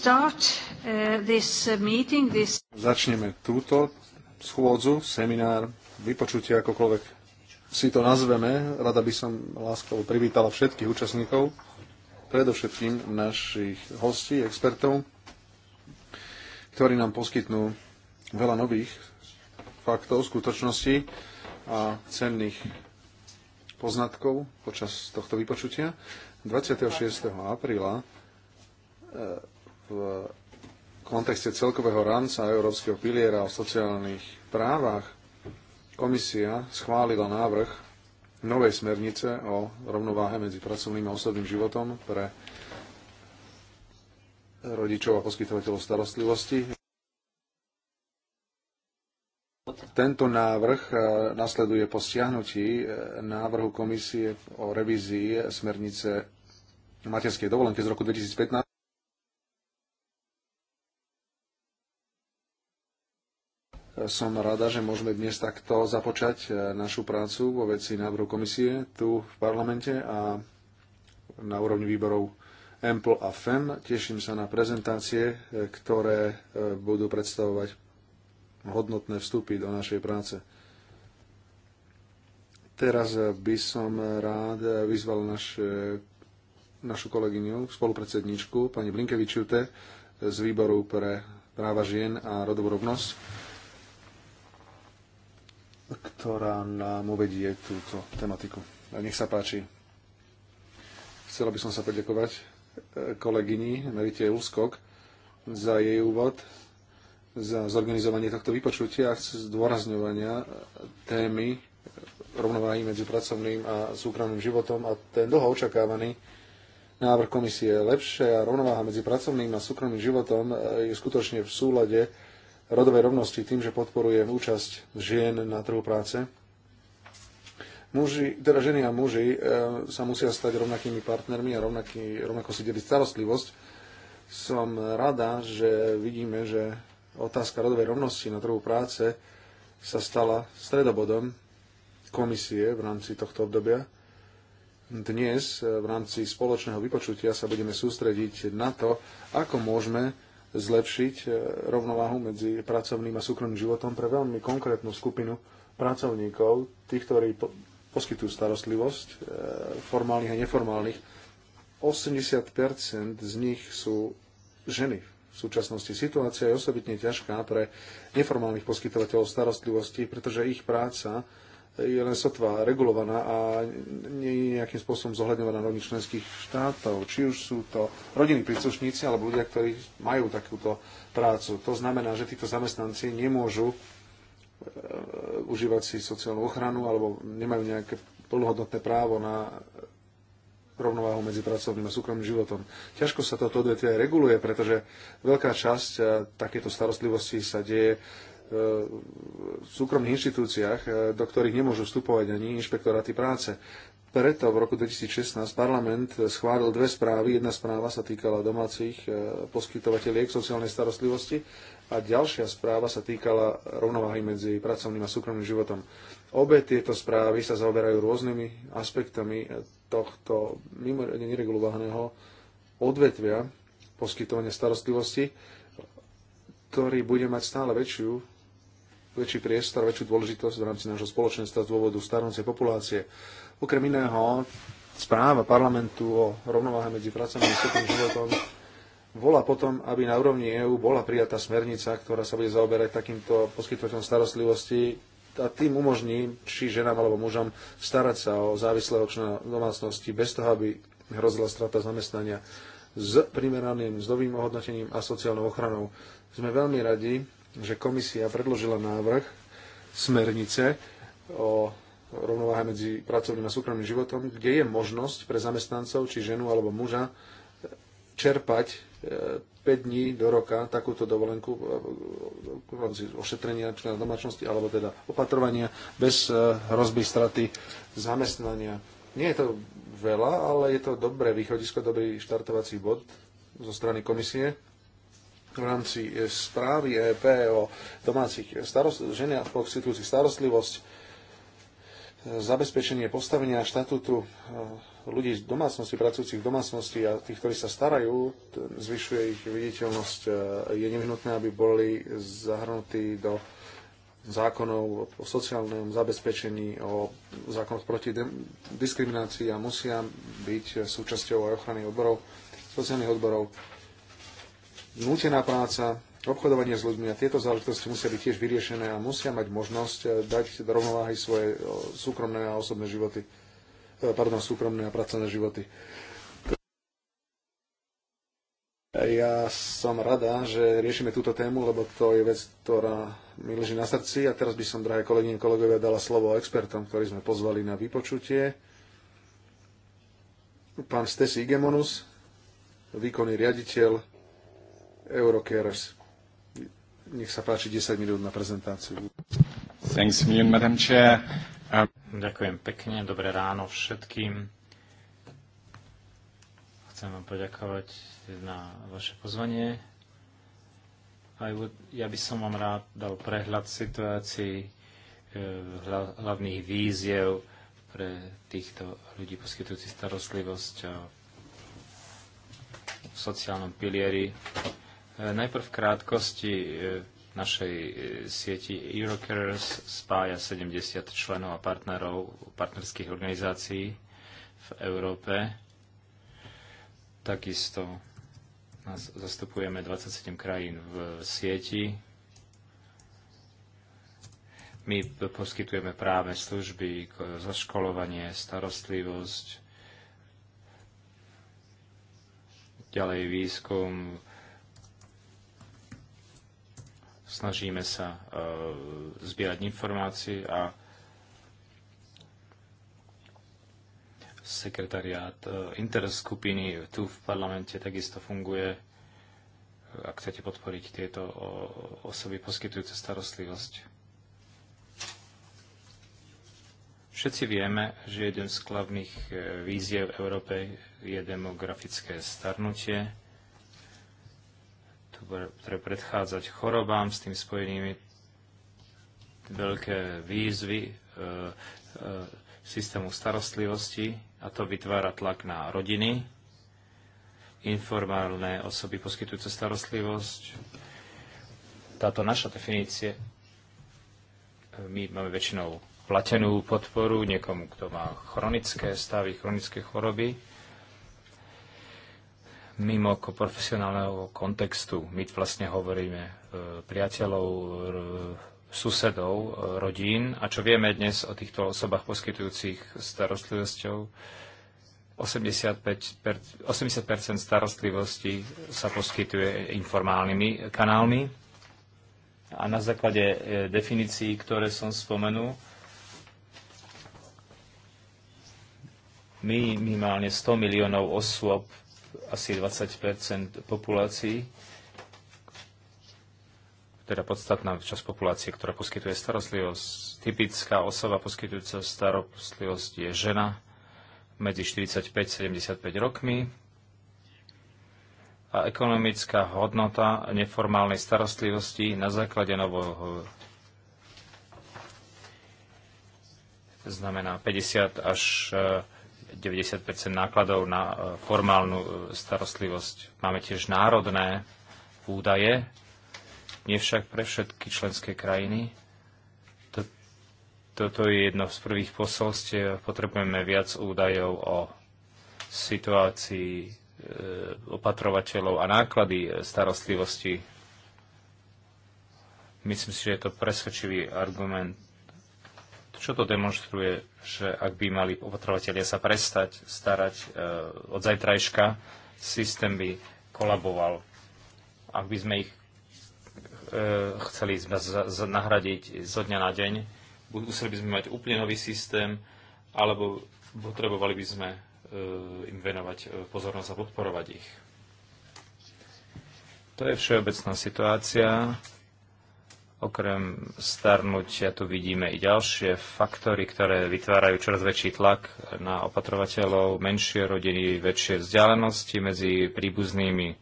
Start, uh, this uh, meeting, this... Začneme túto schôdzu, seminár, vypočutie, akokoľvek si to nazveme. Rada by som láskou privítala všetkých účastníkov, predovšetkým našich hostí, expertov, ktorí nám poskytnú veľa nových faktov, skutočností a cenných poznatkov počas tohto vypočutia. 26. apríla eh, v kontexte celkového rámca Európskeho piliera o sociálnych právach komisia schválila návrh novej smernice o rovnováhe medzi pracovným a osobným životom pre rodičov a poskytovateľov starostlivosti. Tento návrh e, nasleduje po stiahnutí e, návrhu komisie o revízii smernice materskej dovolenky z roku 2015. som rada, že môžeme dnes takto započať e, našu prácu vo veci návrhu komisie tu v parlamente a na úrovni výborov EMPL a FEM. Teším sa na prezentácie, e, ktoré e, budú predstavovať hodnotné vstupy do našej práce. Teraz by som rád vyzval naš, našu kolegyňu, spolupredsedničku, pani Blinkevičiute z výboru pre práva žien a rodovú rovnosť ktorá nám uvedie túto tematiku. Nech sa páči. Chcela by som sa poďakovať e, kolegyni Merite Ulskok za jej úvod, za zorganizovanie tohto vypočutia a zdôrazňovania témy rovnováhy medzi pracovným a súkromným životom a ten dlho očakávaný návrh komisie lepšia rovnováha medzi pracovným a súkromným životom e, je skutočne v súlade rodovej rovnosti tým, že podporuje účasť žien na trhu práce. Muži, teda ženy a muži e, sa musia stať rovnakými partnermi a rovnaký, rovnako si deliť starostlivosť. Som rada, že vidíme, že otázka rodovej rovnosti na trhu práce sa stala stredobodom komisie v rámci tohto obdobia. Dnes v rámci spoločného vypočutia sa budeme sústrediť na to, ako môžeme zlepšiť e, rovnováhu medzi pracovným a súkromným životom pre veľmi konkrétnu skupinu pracovníkov, tých, ktorí poskytujú starostlivosť, e, formálnych a neformálnych. 80% z nich sú ženy v súčasnosti. Situácia je osobitne ťažká pre neformálnych poskytovateľov starostlivosti, pretože ich práca je len sotva regulovaná a nie je nejakým spôsobom zohľadňovaná na členských štátov. Či už sú to rodinní príslušníci alebo ľudia, ktorí majú takúto prácu. To znamená, že títo zamestnanci nemôžu e, užívať si sociálnu ochranu alebo nemajú nejaké plnohodnotné právo na rovnováhu medzi pracovným a súkromným životom. Ťažko sa toto odvetvie reguluje, pretože veľká časť e, takéto starostlivosti sa deje v súkromných inštitúciách, e, do ktorých nemôžu vstupovať ani inšpektoráty práce. Preto v roku 2016 parlament schválil dve správy. Jedna správa sa týkala domácich e, poskytovateľiek sociálnej starostlivosti a ďalšia správa sa týkala rovnováhy medzi pracovným a súkromným životom. Obe tieto správy sa zaoberajú rôznymi aspektami tohto mimoriadne neregulovaného odvetvia poskytovania starostlivosti, ktorý bude mať stále väčšiu väčší priestor, väčšiu dôležitosť v rámci nášho spoločenstva z dôvodu starnúcej populácie. Okrem iného, správa parlamentu o rovnováhe medzi pracovným a svetým životom volá potom, aby na úrovni EÚ bola prijatá smernica, ktorá sa bude zaoberať takýmto poskytovateľom starostlivosti a tým umožní či ženám alebo mužom starať sa o závislého člena domácnosti bez toho, aby hrozila strata zamestnania s primeraným zdovým ohodnotením a sociálnou ochranou. Sme veľmi radi, že komisia predložila návrh smernice o rovnováhe medzi pracovným a súkromným životom, kde je možnosť pre zamestnancov, či ženu alebo muža, čerpať 5 e, dní do roka takúto dovolenku e, v rámci ošetrenia člena domáčnosti alebo teda opatrovania bez e, hrozby straty zamestnania. Nie je to veľa, ale je to dobré východisko, dobrý štartovací bod zo strany komisie v rámci eh, správy EP o domácich eh, starost- ženiach poskytujúcich starostlivosť, eh, zabezpečenie postavenia štatútu ľudí z domácnosti, pracujúcich v domácnosti a tých, ktorí sa starajú, zvyšuje ich viditeľnosť. Je nevyhnutné, aby boli zahrnutí do zákonov o sociálnom zabezpečení, o zákonoch proti diskriminácii a musia byť súčasťou aj ochrany odborov, sociálnych odborov nútená práca, obchodovanie s ľuďmi a tieto záležitosti musia byť tiež vyriešené a musia mať možnosť e, dať do rovnováhy svoje e, súkromné a osobné životy, e, pardon, súkromné a pracovné životy. Ja som rada, že riešime túto tému, lebo to je vec, ktorá mi leží na srdci a teraz by som, drahé kolegyne, kolegovia, dala slovo expertom, ktorí sme pozvali na vypočutie. Pán Stesi Igemonus, výkonný riaditeľ Eurocares. Nech sa páči 10 minút na prezentáciu. Thanks million, Madam Chair. Um... Ďakujem pekne, dobré ráno všetkým. Chcem vám poďakovať na vaše pozvanie. Would, ja by som vám rád dal prehľad situácií e, hlavných víziev pre týchto ľudí poskytujúci starostlivosť v sociálnom pilieri Najprv v krátkosti e, našej e, sieti Eurocarers spája 70 členov a partnerov partnerských organizácií v Európe. Takisto nás zastupujeme 27 krajín v sieti. My poskytujeme práve služby, zaškolovanie, starostlivosť, ďalej výskum, snažíme sa e, zbierať informácie a sekretariát e, interskupiny tu v parlamente takisto funguje. Ak chcete podporiť tieto osoby poskytujúce starostlivosť. Všetci vieme, že jeden z hlavných e, víziev Európe je demografické starnutie ktoré predchádzať chorobám s tým spojenými veľké výzvy e, e, systému starostlivosti a to vytvára tlak na rodiny, informálne osoby poskytujúce starostlivosť. Táto naša definície, e, my máme väčšinou platenú podporu niekomu, kto má chronické stavy, chronické choroby, mimo profesionálneho kontextu. My vlastne hovoríme e, priateľov, susedov, e, rodín a čo vieme dnes o týchto osobách poskytujúcich starostlivosťou, 85, 80 starostlivosti sa poskytuje informálnymi kanálmi a na základe e, definícií, ktoré som spomenul, my minimálne 100 miliónov osôb asi 20 populácií, teda podstatná časť populácie, ktorá poskytuje starostlivosť. Typická osoba poskytujúca starostlivosť je žena medzi 45-75 rokmi a ekonomická hodnota neformálnej starostlivosti na základe nového znamená 50 až 90 nákladov na e, formálnu e, starostlivosť. Máme tiež národné údaje, nie však pre všetky členské krajiny. Toto je jedno z prvých posolstiev. Potrebujeme viac údajov o situácii e, opatrovateľov a náklady starostlivosti. Myslím si, že je to presvedčivý argument čo to demonstruje, že ak by mali opatrovateľia sa prestať starať e, od zajtrajška, systém by kolaboval. Ak by sme ich e, chceli z, z, nahradiť zo dňa na deň, museli by sme mať úplne nový systém, alebo potrebovali by sme e, im venovať e, pozornosť a podporovať ich. To je všeobecná situácia. Okrem starnutia tu vidíme i ďalšie faktory, ktoré vytvárajú čoraz väčší tlak na opatrovateľov, menšie rodiny, väčšie vzdialenosti medzi príbuznými,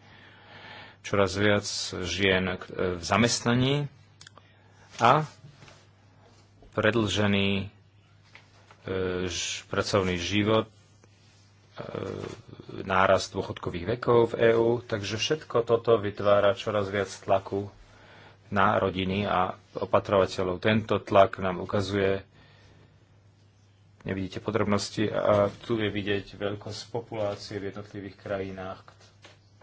čoraz viac žien v zamestnaní a predlžený e, pracovný život, e, nárast dôchodkových vekov v EÚ, takže všetko toto vytvára čoraz viac tlaku na rodiny a opatrovateľov. Tento tlak nám ukazuje, nevidíte podrobnosti, a tu je vidieť veľkosť populácie v jednotlivých krajinách,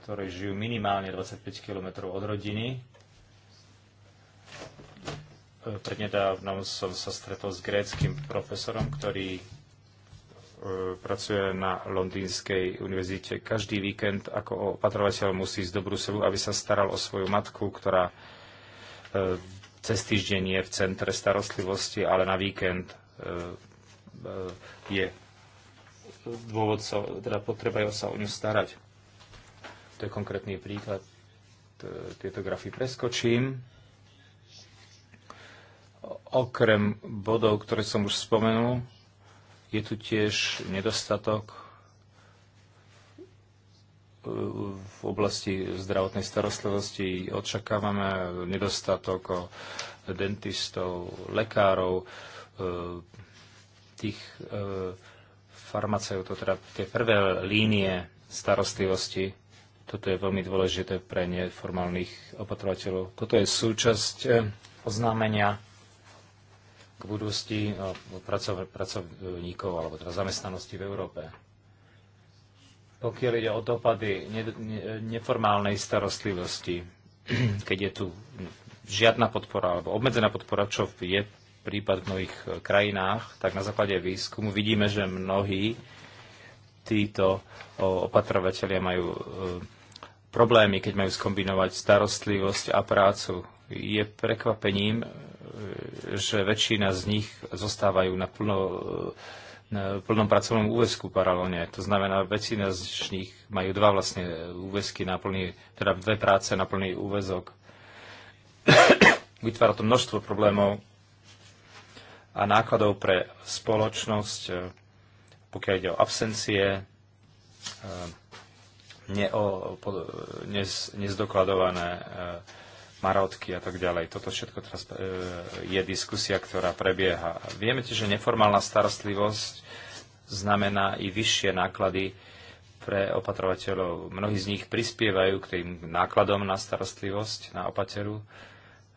ktoré žijú minimálne 25 km od rodiny. Prednedávno som sa stretol s gréckým profesorom, ktorý e, pracuje na Londýnskej univerzite. Každý víkend ako opatrovateľ musí ísť do Bruselu, aby sa staral o svoju matku, ktorá E, cez týždeň je v centre starostlivosti, ale na víkend e, e, je dôvod, sa, teda je sa o ňu starať. To je konkrétny príklad. Tieto grafy preskočím. Okrem bodov, ktoré som už spomenul, je tu tiež nedostatok v oblasti zdravotnej starostlivosti očakávame nedostatok dentistov, lekárov, e, tých e, farmaceutov, teda tie prvé línie starostlivosti. Toto je veľmi dôležité pre neformálnych opatrovateľov. Toto je súčasť e, oznámenia k budúcnosti no, pracovníkov alebo teda zamestnanosti v Európe pokiaľ ide o dopady neformálnej starostlivosti, keď je tu žiadna podpora alebo obmedzená podpora, čo je prípad v mnohých e, krajinách, tak na základe výskumu vidíme, že mnohí títo opatrovateľia majú e, problémy, keď majú skombinovať starostlivosť a prácu. Je prekvapením, e, že väčšina z nich zostávajú na plno na plnom pracovnom úvesku paralelne. To znamená, väčšina z nich majú dva vlastne úvesky na plný, teda dve práce na plný úvezok. Vytvára to množstvo problémov a nákladov pre spoločnosť, e, pokiaľ ide o absencie, neo, nez, e, nezdokladované e, Marotky a tak ďalej. Toto všetko teraz e, je diskusia, ktorá prebieha. Vieme tiež, že neformálna starostlivosť znamená i vyššie náklady pre opatrovateľov. Mnohí z nich prispievajú k tým nákladom na starostlivosť, na opateru.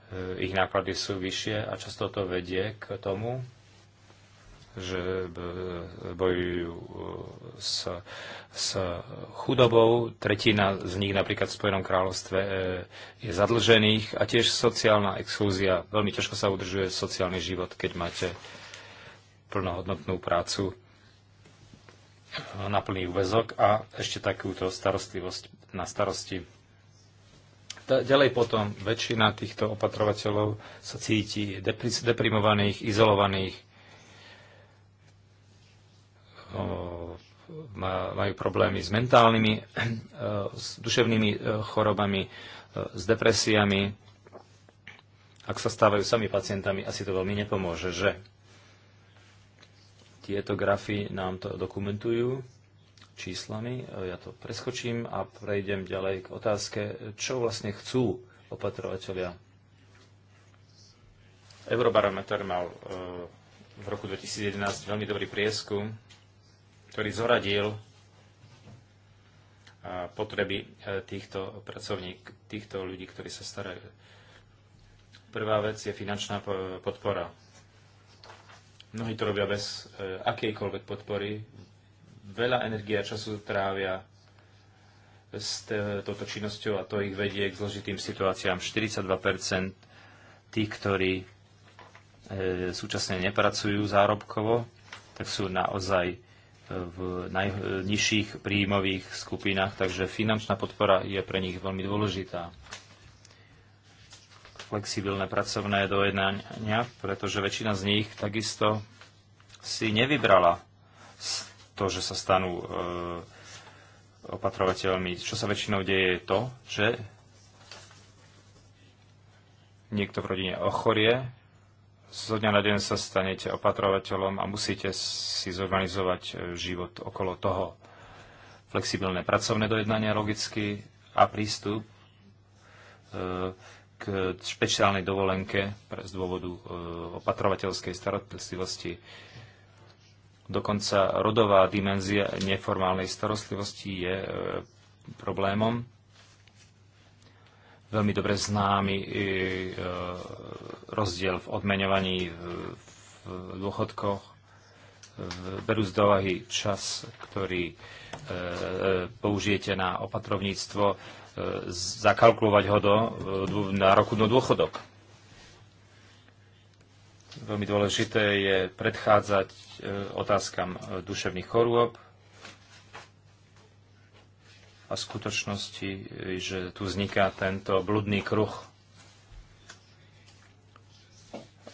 E, ich náklady sú vyššie a často to vedie k tomu, že e, bojujú s, e, s chudobou. Tretina z nich napríklad v Spojenom kráľovstve e, je zadlžených a tiež sociálna exklúzia. Veľmi ťažko sa udržuje sociálny život, keď máte plnohodnotnú prácu na plný úvezok a ešte takúto starostlivosť na starosti. Ďalej potom väčšina týchto opatrovateľov sa cíti deprimovaných, izolovaných, majú problémy s mentálnymi, e, s duševnými e, chorobami, e, s depresiami. Ak sa stávajú sami pacientami, asi to veľmi nepomôže, že? Tieto grafy nám to dokumentujú číslami. Ja to preskočím a prejdem ďalej k otázke, čo vlastne chcú opatrovateľia. Eurobarometer mal v roku 2011 veľmi dobrý prieskum ktorý zoradil e, potreby e, týchto pracovník, týchto ľudí, ktorí sa starajú. Prvá vec je finančná podpora. Mnohí to robia bez e, akejkoľvek podpory. Veľa energie a času trávia s touto činnosťou a to ich vedie k zložitým situáciám. 42% tých, ktorí súčasne nepracujú zárobkovo, tak sú naozaj v najnižších príjmových skupinách, takže finančná podpora je pre nich veľmi dôležitá. Flexibilné pracovné dojednania, pretože väčšina z nich takisto si nevybrala to, že sa stanú e, opatrovateľmi. Čo sa väčšinou deje je to, že niekto v rodine ochorie, zo dňa na deň sa stanete opatrovateľom a musíte si zorganizovať e, život okolo toho. Flexibilné pracovné dojednania logicky a prístup e, k špeciálnej dovolenke pre, z dôvodu e, opatrovateľskej starostlivosti. Dokonca rodová dimenzia neformálnej starostlivosti je problémom veľmi dobre známy e, e, rozdiel v odmeňovaní e, v dôchodkoch. Berú z dovahy čas, ktorý použijete na opatrovníctvo, zakalkulovať ho do, na roku do dôchodok. Veľmi dôležité je predchádzať otázkam duševných chorôb, a skutočnosti, e, že tu vzniká tento bludný kruh. E,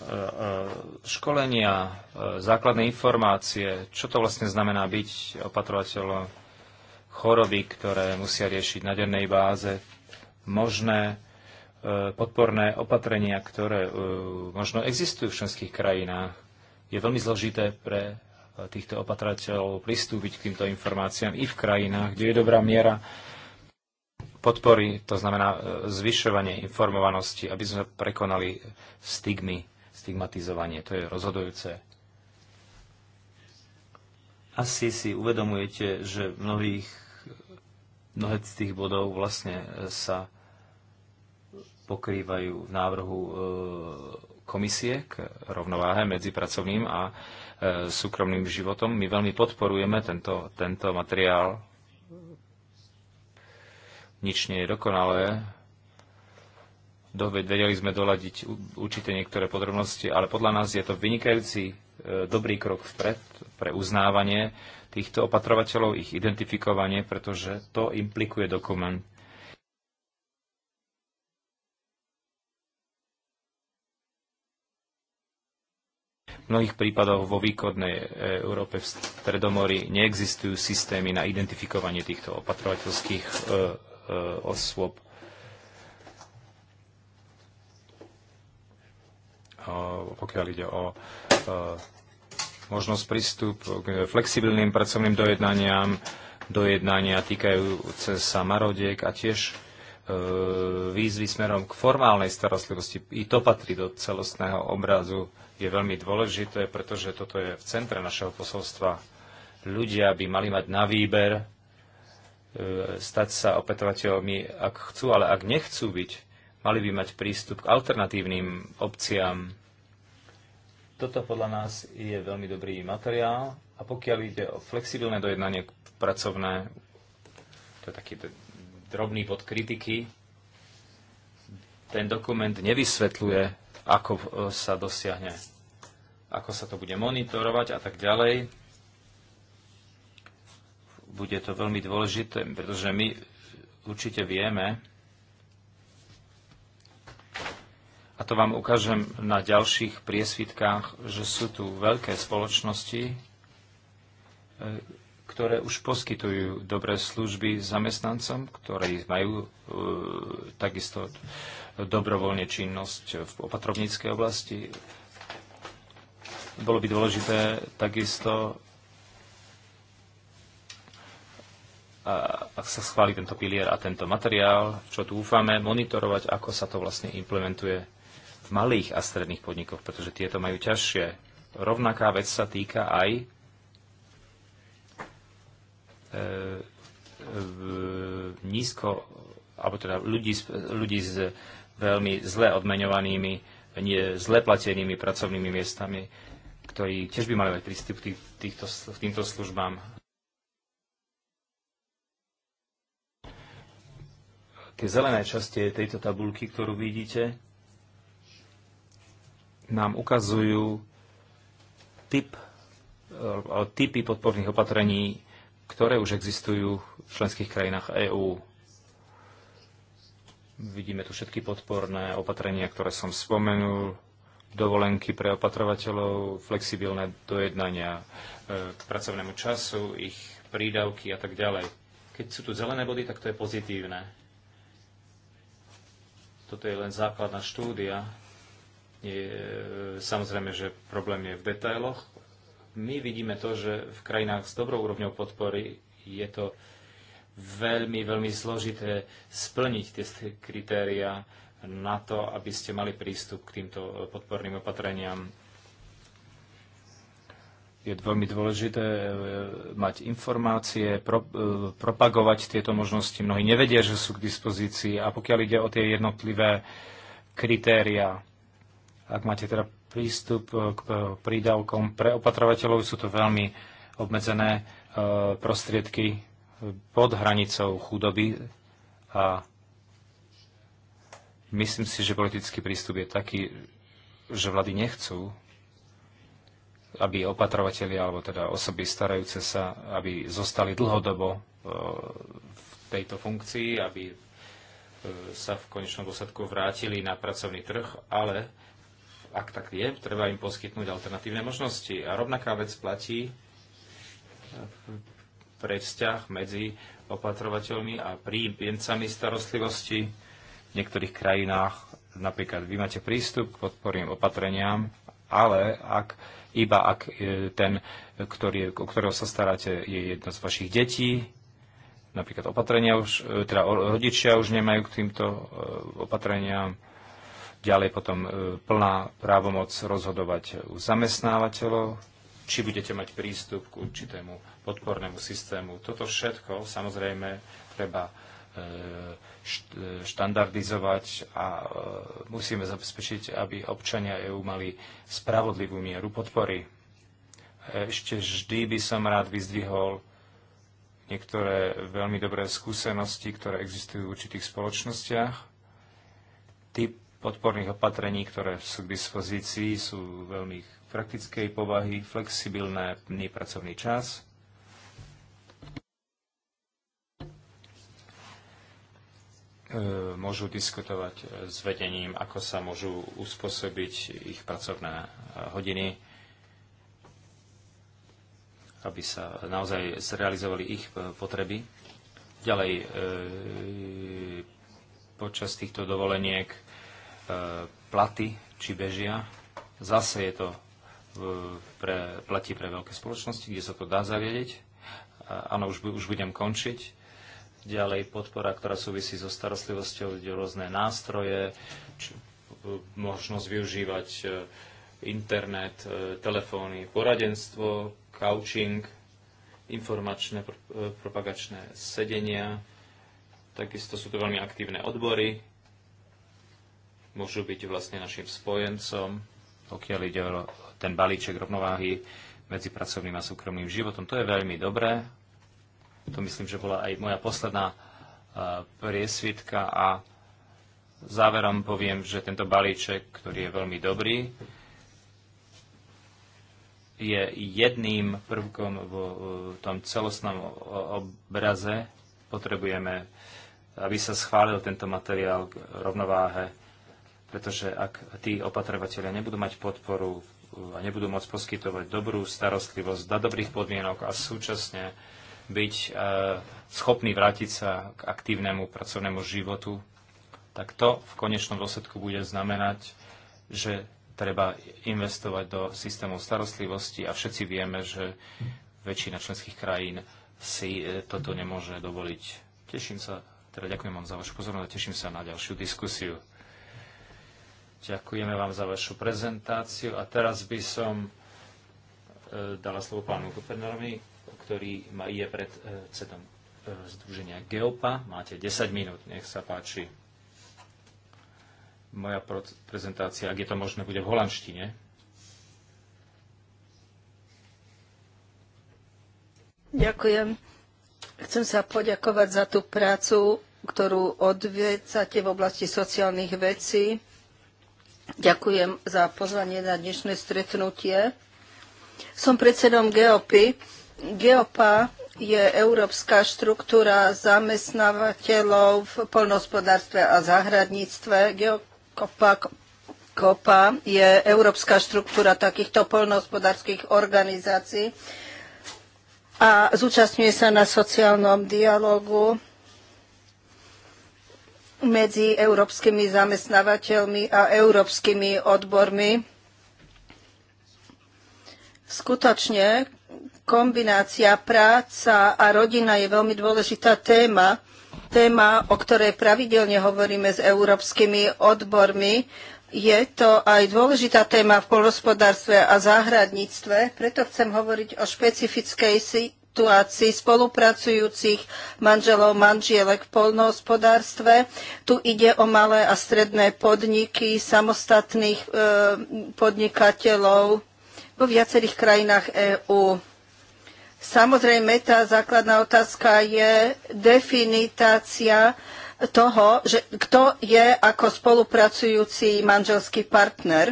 e, školenia, základné informácie, čo to vlastne znamená byť opatrovateľom choroby, ktoré musia riešiť na dennej báze, možné podporné opatrenia, ktoré možno existujú v členských krajinách, je veľmi zložité pre týchto opatrateľov pristúpiť k týmto informáciám i v krajinách, kde je dobrá miera podpory, to znamená e, zvyšovanie informovanosti, aby sme prekonali stigmy, stigmatizovanie. To je rozhodujúce. Asi si uvedomujete, že mnohých, mnohé z tých bodov vlastne e, sa pokrývajú v návrhu e, komisie k rovnováhe medzi pracovným a E, súkromným životom. My veľmi podporujeme tento, tento materiál. Nič nie je dokonalé. Vedeli sme doladiť určité niektoré podrobnosti, ale podľa nás je to vynikajúci e, dobrý krok vpred pre uznávanie týchto opatrovateľov, ich identifikovanie, pretože to implikuje dokument V mnohých prípadoch vo východnej e, Európe v Stredomori neexistujú systémy na identifikovanie týchto opatrovateľských e, e, osôb. pokiaľ ide o e, možnosť prístup k flexibilným pracovným dojednaniam, dojednania týkajúce sa marodiek a tiež výzvy smerom k formálnej starostlivosti. I to patrí do celostného obrazu. Je veľmi dôležité, pretože toto je v centre našeho posolstva. Ľudia by mali mať na výber e, stať sa opetovateľmi, ak chcú, ale ak nechcú byť, mali by mať prístup k alternatívnym opciám. Toto podľa nás je veľmi dobrý materiál a pokiaľ ide o flexibilné dojednanie pracovné, to je taký drobný bod kritiky. Ten dokument nevysvetľuje, ako e, sa dosiahne, ako sa to bude monitorovať a tak ďalej. Bude to veľmi dôležité, pretože my určite vieme, a to vám ukážem na ďalších priesvitkách, že sú tu veľké spoločnosti, e, ktoré už poskytujú dobré služby zamestnancom, ktorí majú e, takisto dobrovoľne činnosť v opatrovníckej oblasti. Bolo by dôležité takisto, a, ak sa schváli tento pilier a tento materiál, čo tu dúfame, monitorovať, ako sa to vlastne implementuje v malých a stredných podnikoch, pretože tieto majú ťažšie. Rovnaká vec sa týka aj nízko, alebo teda ľudí, ľudí s veľmi zle odmeňovanými, zle platenými pracovnými miestami, ktorí tiež by mali mať prístup k týchto, týmto službám. Tie zelené časti tejto tabulky, ktorú vidíte, nám ukazujú typ, e, typy podporných opatrení ktoré už existujú v členských krajinách EÚ. Vidíme tu všetky podporné opatrenia, ktoré som spomenul, dovolenky pre opatrovateľov, flexibilné dojednania k e, pracovnému času, ich prídavky a tak ďalej. Keď sú tu zelené body, tak to je pozitívne. Toto je len základná štúdia. Je, e, samozrejme, že problém je v detailoch, my vidíme to, že v krajinách s dobrou úrovňou podpory je to veľmi, veľmi zložité splniť tie kritéria na to, aby ste mali prístup k týmto e, podporným opatreniam. Je veľmi dôležité e, mať informácie, pro, e, propagovať tieto možnosti. Mnohí nevedia, že sú k dispozícii. A pokiaľ ide o tie jednotlivé kritéria, ak máte teda prístup eh, k eh, prídavkom pre opatrovateľov. Sú to veľmi eh, obmedzené prostriedky pod hranicou chudoby a myslím si, že politický prístup je taký, že vlády nechcú, aby opatrovateľi alebo teda osoby starajúce sa, aby zostali dlhodobo v tejto funkcii, aby sa v konečnom dôsledku vrátili na pracovný trh, ale ak tak je, treba im poskytnúť alternatívne možnosti. A rovnaká vec platí e, pre vzťah medzi opatrovateľmi a príjemcami starostlivosti. V niektorých krajinách napríklad vy máte prístup k podporným opatreniam, ale ak, iba ak e, ten, ktorý, o ktorého sa staráte, je jedno z vašich detí, napríklad opatrenia už, e, teda rodičia už nemajú k týmto opatreniam, Ďalej potom e, plná právomoc rozhodovať u zamestnávateľov, či budete mať prístup k určitému podpornému systému. Toto všetko samozrejme treba e, e, štandardizovať a musíme zabezpečiť, aby občania EÚ mali spravodlivú mieru podpory. Ešte vždy by som rád vyzdvihol niektoré veľmi dobré skúsenosti, ktoré existujú v určitých spoločnostiach. Typ podporných opatrení, ktoré sú k dispozícii, sú veľmi praktickej povahy, flexibilný pracovný čas, e, môžu diskutovať s vedením, ako sa môžu uspôsobiť ich pracovné hodiny, aby sa naozaj zrealizovali ich potreby. Ďalej, e, počas týchto dovoleniek E, platy, či bežia. Zase je to pre, platí pre veľké spoločnosti, kde sa to dá zariadiť. Áno, už, už budem končiť. Ďalej podpora, ktorá súvisí so starostlivosťou, rôzne nástroje, či, e, možnosť využívať e, internet, telefóny, poradenstvo, couching, informačné, propagačné sedenia. Takisto sú to veľmi aktívne odbory, môžu byť vlastne našim spojencom, pokiaľ ide o ten balíček rovnováhy medzi pracovným a súkromným životom. To je veľmi dobré. To myslím, že bola aj moja posledná e, priesvitka a záverom poviem, že tento balíček, ktorý je veľmi dobrý, je jedným prvkom v e, tom celostnom obraze. Potrebujeme, aby sa schválil tento materiál k rovnováhe pretože ak tí opatrovateľia nebudú mať podporu uh, a nebudú môcť poskytovať dobrú starostlivosť na dobrých podmienok a súčasne byť uh, schopní schopný vrátiť sa k aktívnemu pracovnému životu, tak to v konečnom dôsledku bude znamenať, že treba investovať do systému starostlivosti a všetci vieme, že väčšina členských krajín si uh, toto nemôže dovoliť. Teším sa, teda ďakujem vám za vašu pozornosť a teším sa na ďalšiu diskusiu. Ďakujeme vám za vašu prezentáciu a teraz by som e, dala slovo pánu guvernérovi, ktorý je pred predsedom e, Združenia Geopa. Máte 10 minút, nech sa páči. Moja prezentácia, ak je to možné, bude v holandštine. Ďakujem. Chcem sa poďakovať za tú prácu, ktorú odvedzate v oblasti sociálnych vecí Ďakujem za pozvanie na dnešné stretnutie. Som predsedom GEOPy. GEOPA je európska štruktúra zamestnávateľov v poľnohospodárstve a záhradníctve. GEOPA Kopa je európska štruktúra takýchto polnohospodárských organizácií a zúčastňuje sa na sociálnom dialogu medzi európskymi zamestnávateľmi a európskymi odbormi. Skutočne kombinácia práca a rodina je veľmi dôležitá téma, téma, o ktorej pravidelne hovoríme s európskymi odbormi. Je to aj dôležitá téma v polospodárstve a záhradníctve, preto chcem hovoriť o špecifickej situácii spolupracujúcich manželov, manžielek v polnohospodárstve. Tu ide o malé a stredné podniky, samostatných e, podnikateľov vo viacerých krajinách EÚ. Samozrejme, tá základná otázka je definitácia toho, že kto je ako spolupracujúci manželský partner.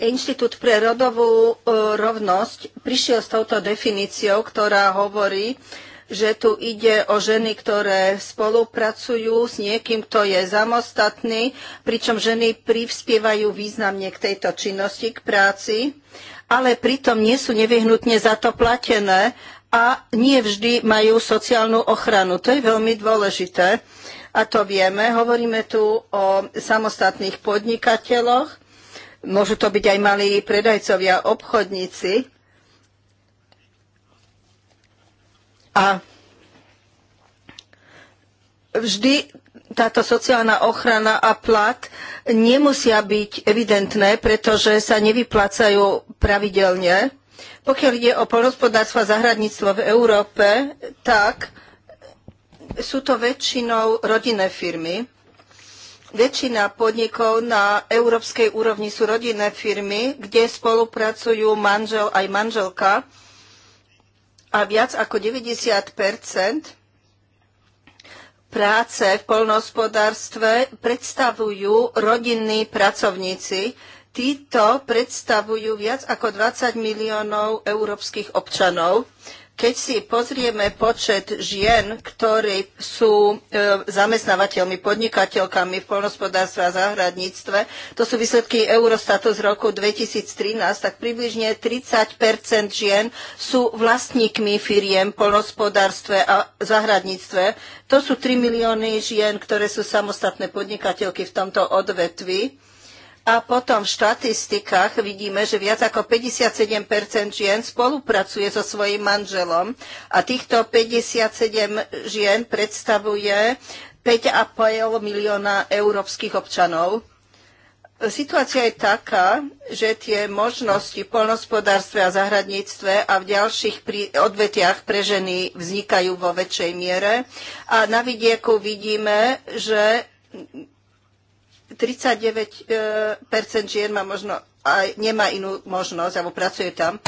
Inštitút pre rodovú e, rovnosť prišiel s touto definíciou, ktorá hovorí, že tu ide o ženy, ktoré spolupracujú s niekým, kto je samostatný, pričom ženy prispievajú významne k tejto činnosti, k práci, ale pritom nie sú nevyhnutne za to platené a nie vždy majú sociálnu ochranu. To je veľmi dôležité a to vieme. Hovoríme tu o samostatných podnikateľoch, Môžu to byť aj malí predajcovia, obchodníci. A vždy táto sociálna ochrana a plat nemusia byť evidentné, pretože sa nevyplácajú pravidelne. Pokiaľ ide o polhospodárstvo a zahradníctvo v Európe, tak sú to väčšinou rodinné firmy. Väčšina podnikov na európskej úrovni sú rodinné firmy, kde spolupracujú manžel aj manželka a viac ako 90 práce v polnohospodárstve predstavujú rodinní pracovníci. Títo predstavujú viac ako 20 miliónov európskych občanov. Keď si pozrieme počet žien, ktorí sú e, zamestnávateľmi, podnikateľkami v polnospodárstve a záhradníctve, to sú výsledky Eurostatu z roku 2013, tak približne 30 žien sú vlastníkmi firiem v polnospodárstve a záhradníctve. To sú 3 milióny žien, ktoré sú samostatné podnikateľky v tomto odvetvi a potom v štatistikách vidíme, že viac ako 57 žien spolupracuje so svojím manželom a týchto 57 žien predstavuje 5,5 milióna európskych občanov. Situácia je taká, že tie možnosti v polnospodárstve a zahradníctve a v ďalších odvetiach pre ženy vznikajú vo väčšej miere. A na vidieku vidíme, že 39% e, žien má možno, aj nemá inú možnosť alebo pracuje tam.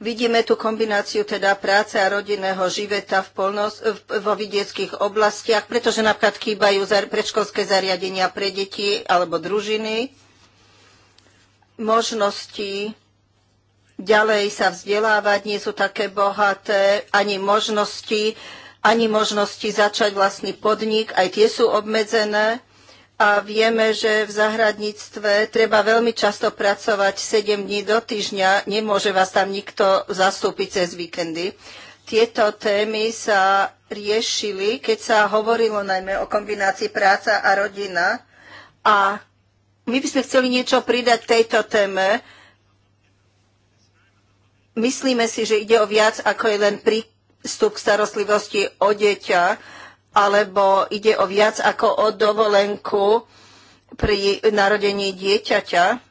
Vidíme tú kombináciu teda práce a rodinného živeta v polnos, vo vidieckých oblastiach, pretože napríklad chýbajú predškolské zariadenia pre deti alebo družiny, možnosti ďalej sa vzdelávať nie sú také bohaté, ani možnosti ani možnosti začať vlastný podnik, aj tie sú obmedzené. A vieme, že v zahradníctve treba veľmi často pracovať 7 dní do týždňa, nemôže vás tam nikto zastúpiť cez víkendy. Tieto témy sa riešili, keď sa hovorilo najmä o kombinácii práca a rodina. A my by sme chceli niečo pridať tejto téme. Myslíme si, že ide o viac ako je len príklad vstup k starostlivosti o dieťa, alebo ide o viac ako o dovolenku pri narodení dieťaťa.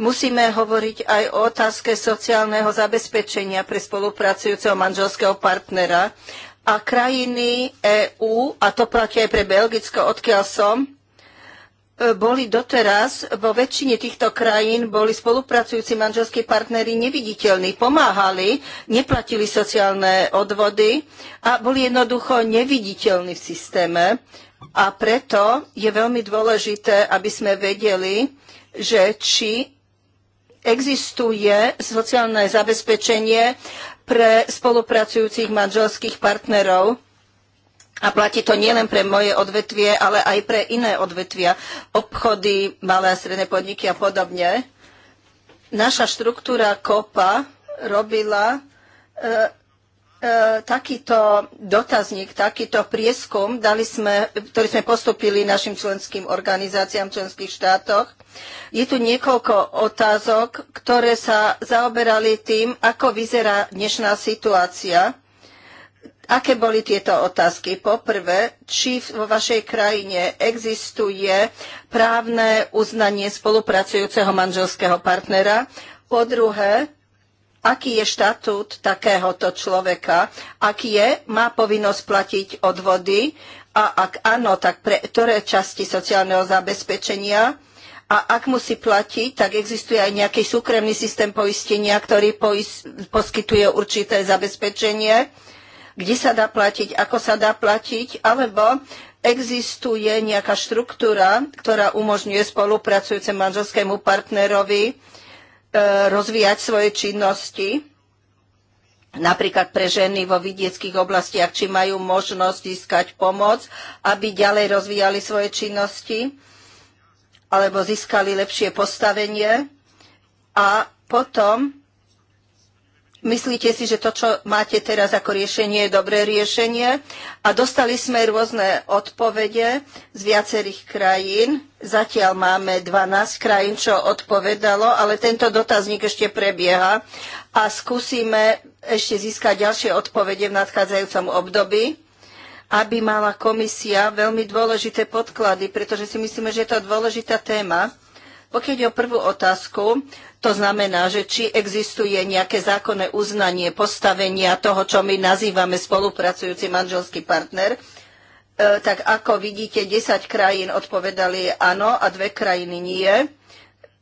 Musíme hovoriť aj o otázke sociálneho zabezpečenia pre spolupracujúceho manželského partnera a krajiny EÚ, a to platí aj pre Belgicko, odkiaľ som, boli doteraz vo väčšine týchto krajín boli spolupracujúci manželskí partnery neviditeľní, pomáhali, neplatili sociálne odvody a boli jednoducho neviditeľní v systéme. A preto je veľmi dôležité, aby sme vedeli, že či existuje sociálne zabezpečenie pre spolupracujúcich manželských partnerov a platí to nielen pre moje odvetvie, ale aj pre iné odvetvia, obchody, malé a stredné podniky a podobne. Naša štruktúra KOPA robila e, e, takýto dotazník, takýto prieskum, dali sme, ktorý sme postupili našim členským organizáciám v členských štátoch. Je tu niekoľko otázok, ktoré sa zaoberali tým, ako vyzerá dnešná situácia Aké boli tieto otázky? Poprvé, či vo vašej krajine existuje právne uznanie spolupracujúceho manželského partnera? Po druhé, aký je štatút takéhoto človeka. Ak je, má povinnosť platiť odvody a ak áno, tak pre ktoré časti sociálneho zabezpečenia a ak musí platiť, tak existuje aj nejaký súkromný systém poistenia, ktorý poskytuje určité zabezpečenie kde sa dá platiť, ako sa dá platiť, alebo existuje nejaká štruktúra, ktorá umožňuje spolupracujúcemu manželskému partnerovi e, rozvíjať svoje činnosti, napríklad pre ženy vo vidieckých oblastiach, či majú možnosť získať pomoc, aby ďalej rozvíjali svoje činnosti, alebo získali lepšie postavenie. A potom Myslíte si, že to, čo máte teraz ako riešenie, je dobré riešenie? A dostali sme rôzne odpovede z viacerých krajín. Zatiaľ máme 12 krajín, čo odpovedalo, ale tento dotazník ešte prebieha a skúsime ešte získať ďalšie odpovede v nadchádzajúcom období aby mala komisia veľmi dôležité podklady, pretože si myslíme, že je to dôležitá téma. Pokiaľ je o prvú otázku, to znamená, že či existuje nejaké zákonné uznanie postavenia toho, čo my nazývame spolupracujúci manželský partner, e, tak ako vidíte, 10 krajín odpovedali áno a dve krajiny nie.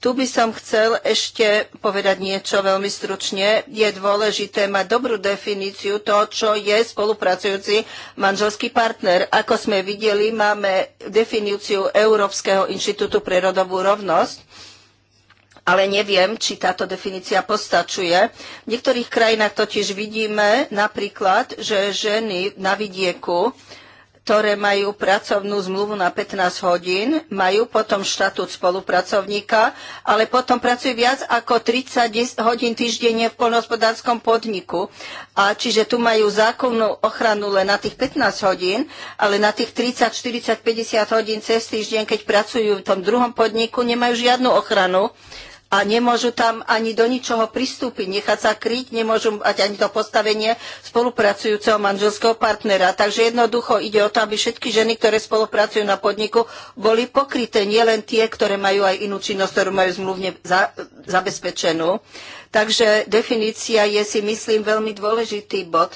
Tu by som chcel ešte povedať niečo veľmi stručne. Je dôležité mať dobrú definíciu to, čo je spolupracujúci manželský partner. Ako sme videli, máme definíciu Európskeho inštitútu pre rodovú rovnosť ale neviem, či táto definícia postačuje. V niektorých krajinách totiž vidíme napríklad, že ženy na vidieku, ktoré majú pracovnú zmluvu na 15 hodín, majú potom štatút spolupracovníka, ale potom pracujú viac ako 30 hodín týždenne v polnohospodárskom podniku. A čiže tu majú zákonnú ochranu len na tých 15 hodín, ale na tých 30, 40, 50 hodín cez týždeň, keď pracujú v tom druhom podniku, nemajú žiadnu ochranu a nemôžu tam ani do ničoho pristúpiť, nechať sa kryť, nemôžu mať ani to postavenie spolupracujúceho manželského partnera. Takže jednoducho ide o to, aby všetky ženy, ktoré spolupracujú na podniku, boli pokryté, nielen tie, ktoré majú aj inú činnosť, ktorú majú zmluvne za, zabezpečenú. Takže definícia je si myslím veľmi dôležitý bod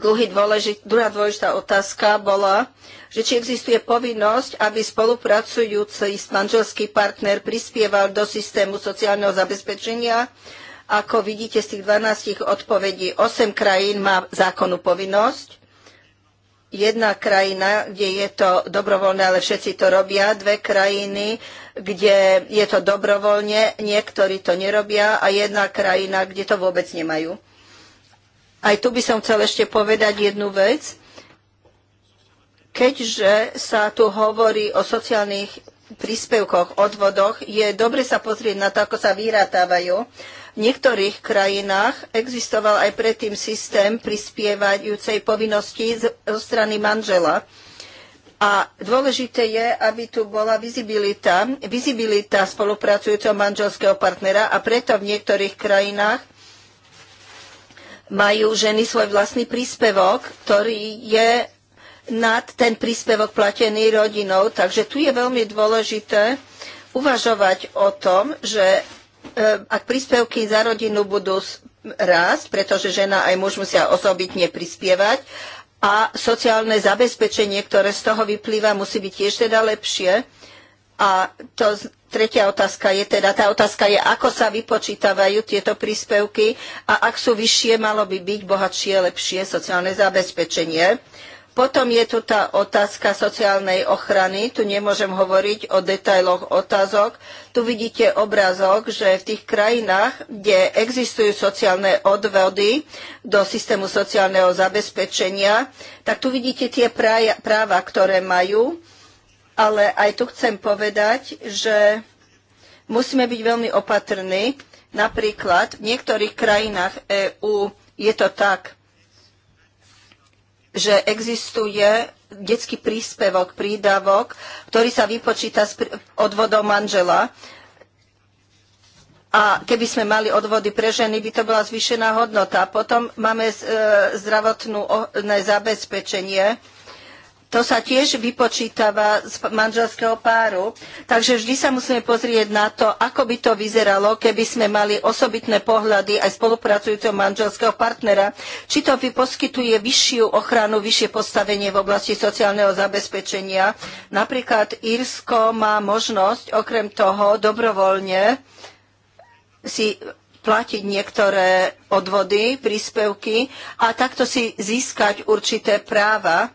dôležit, druhá dôležitá otázka bola, že či existuje povinnosť, aby spolupracujúci manželský partner prispieval do systému sociálneho zabezpečenia. Ako vidíte z tých 12 odpovedí, 8 krajín má zákonnú povinnosť. Jedna krajina, kde je to dobrovoľné, ale všetci to robia. Dve krajiny, kde je to dobrovoľne, niektorí to nerobia. A jedna krajina, kde to vôbec nemajú. Aj tu by som chcel ešte povedať jednu vec. Keďže sa tu hovorí o sociálnych príspevkoch, odvodoch, je dobre sa pozrieť na to, ako sa vyratávajú. V niektorých krajinách existoval aj predtým systém prispievajúcej povinnosti zo strany manžela. A dôležité je, aby tu bola vizibilita, vizibilita spolupracujúceho manželského partnera a preto v niektorých krajinách majú ženy svoj vlastný príspevok, ktorý je nad ten príspevok platený rodinou. Takže tu je veľmi dôležité uvažovať o tom, že e, ak príspevky za rodinu budú rásť, pretože žena aj muž musia osobitne prispievať a sociálne zabezpečenie, ktoré z toho vyplýva, musí byť tiež teda lepšie. A to tretia otázka je teda, tá otázka je, ako sa vypočítavajú tieto príspevky a ak sú vyššie, malo by byť bohatšie, lepšie sociálne zabezpečenie. Potom je tu tá otázka sociálnej ochrany. Tu nemôžem hovoriť o detailoch otázok. Tu vidíte obrazok, že v tých krajinách, kde existujú sociálne odvody do systému sociálneho zabezpečenia, tak tu vidíte tie práva, ktoré majú ale aj tu chcem povedať, že musíme byť veľmi opatrní. Napríklad v niektorých krajinách EÚ je to tak, že existuje detský príspevok, prídavok, ktorý sa vypočíta s odvodom manžela. A keby sme mali odvody pre ženy, by to bola zvýšená hodnota. Potom máme e, zdravotné zabezpečenie, to sa tiež vypočítava z manželského páru, takže vždy sa musíme pozrieť na to, ako by to vyzeralo, keby sme mali osobitné pohľady aj spolupracujúceho manželského partnera, či to poskytuje vyššiu ochranu, vyššie postavenie v oblasti sociálneho zabezpečenia. Napríklad Írsko má možnosť okrem toho dobrovoľne si platiť niektoré odvody, príspevky a takto si získať určité práva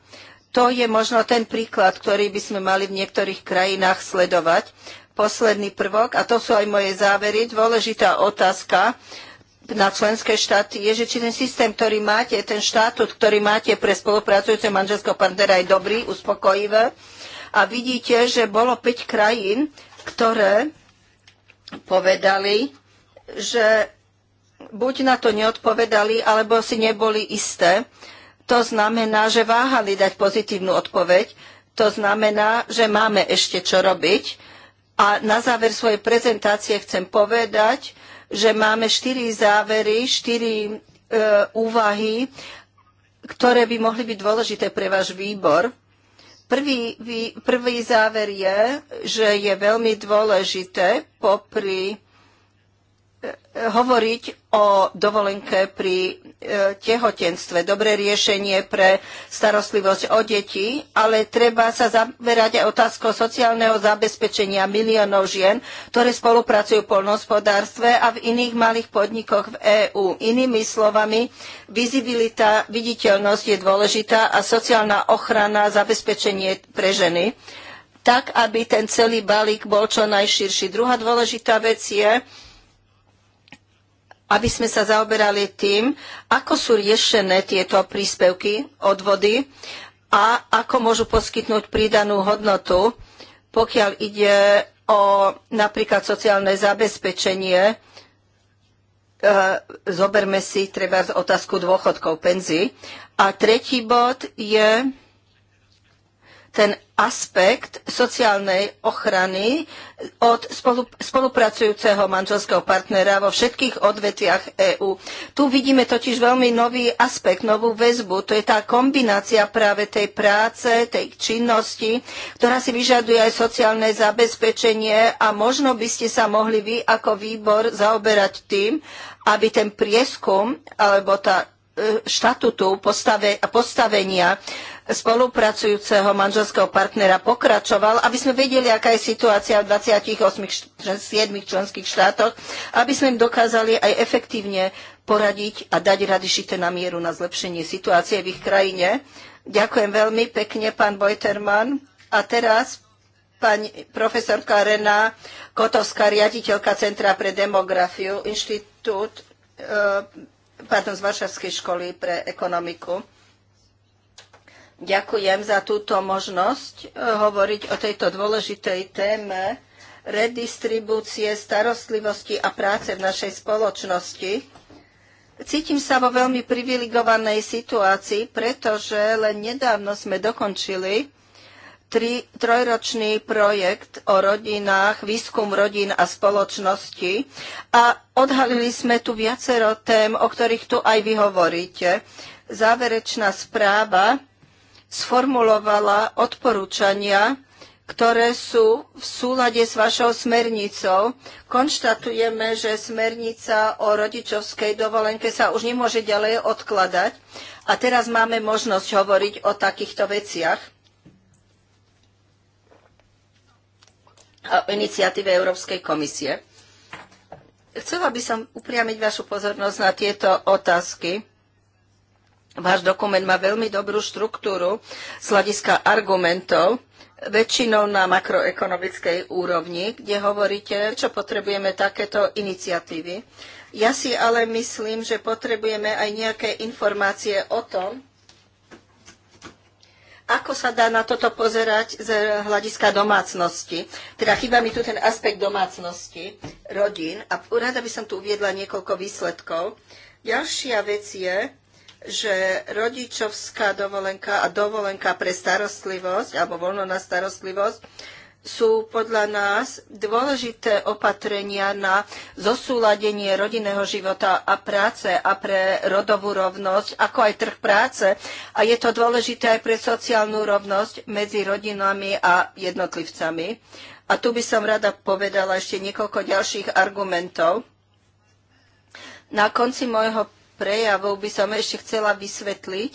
to je možno ten príklad, ktorý by sme mali v niektorých krajinách sledovať. Posledný prvok, a to sú aj moje závery, dôležitá otázka na členské štáty je, že či ten systém, ktorý máte, ten štatút, ktorý máte pre spolupracujúce manželského partnera je dobrý, uspokojivé. A vidíte, že bolo 5 krajín, ktoré povedali, že buď na to neodpovedali, alebo si neboli isté, to znamená, že váhali dať pozitívnu odpoveď. To znamená, že máme ešte čo robiť. A na záver svojej prezentácie chcem povedať, že máme štyri závery, štyri e, úvahy, ktoré by mohli byť dôležité pre váš výbor. Prvý, vý, prvý záver je, že je veľmi dôležité popri e, e, hovoriť o dovolenke pri tehotenstve, dobré riešenie pre starostlivosť o deti, ale treba sa zamerať aj otázkou sociálneho zabezpečenia miliónov žien, ktoré spolupracujú v polnohospodárstve a v iných malých podnikoch v EÚ. Inými slovami, vizibilita, viditeľnosť je dôležitá a sociálna ochrana, zabezpečenie pre ženy tak, aby ten celý balík bol čo najširší. Druhá dôležitá vec je, aby sme sa zaoberali tým, ako sú riešené tieto príspevky, odvody a ako môžu poskytnúť pridanú hodnotu, pokiaľ ide o napríklad sociálne zabezpečenie. E, zoberme si treba otázku dôchodkov penzí. A tretí bod je ten aspekt sociálnej ochrany od spolupracujúceho manželského partnera vo všetkých odvetiach EÚ. Tu vidíme totiž veľmi nový aspekt, novú väzbu. To je tá kombinácia práve tej práce, tej činnosti, ktorá si vyžaduje aj sociálne zabezpečenie a možno by ste sa mohli vy ako výbor zaoberať tým, aby ten prieskum alebo tá e, štatutu postave, postavenia spolupracujúceho manželského partnera pokračoval, aby sme vedeli, aká je situácia v 28 7 členských štátoch, aby sme im dokázali aj efektívne poradiť a dať rady šité na mieru na zlepšenie situácie v ich krajine. Ďakujem veľmi pekne, pán Bojterman. A teraz pani profesorka Rena Kotovská, riaditeľka Centra pre demografiu, inštitút, e, pardon, z Varšavskej školy pre ekonomiku. Ďakujem za túto možnosť eh, hovoriť o tejto dôležitej téme redistribúcie starostlivosti a práce v našej spoločnosti. Cítim sa vo veľmi privilegovanej situácii, pretože len nedávno sme dokončili tri, trojročný projekt o rodinách, výskum rodín a spoločnosti a odhalili sme tu viacero tém, o ktorých tu aj vy hovoríte. Záverečná správa sformulovala odporúčania, ktoré sú v súlade s vašou smernicou. Konštatujeme, že smernica o rodičovskej dovolenke sa už nemôže ďalej odkladať a teraz máme možnosť hovoriť o takýchto veciach a o iniciatíve Európskej komisie. Chcela by som upriamiť vašu pozornosť na tieto otázky. Váš dokument má veľmi dobrú štruktúru z hľadiska argumentov, väčšinou na makroekonomickej úrovni, kde hovoríte, čo potrebujeme takéto iniciatívy. Ja si ale myslím, že potrebujeme aj nejaké informácie o tom, ako sa dá na toto pozerať z hľadiska domácnosti. Teda chýba mi tu ten aspekt domácnosti, rodín. A rada by som tu uviedla niekoľko výsledkov. Ďalšia vec je, že rodičovská dovolenka a dovolenka pre starostlivosť alebo voľno na starostlivosť sú podľa nás dôležité opatrenia na zosúladenie rodinného života a práce a pre rodovú rovnosť, ako aj trh práce. A je to dôležité aj pre sociálnu rovnosť medzi rodinami a jednotlivcami. A tu by som rada povedala ešte niekoľko ďalších argumentov. Na konci môjho prejavov by som ešte chcela vysvetliť,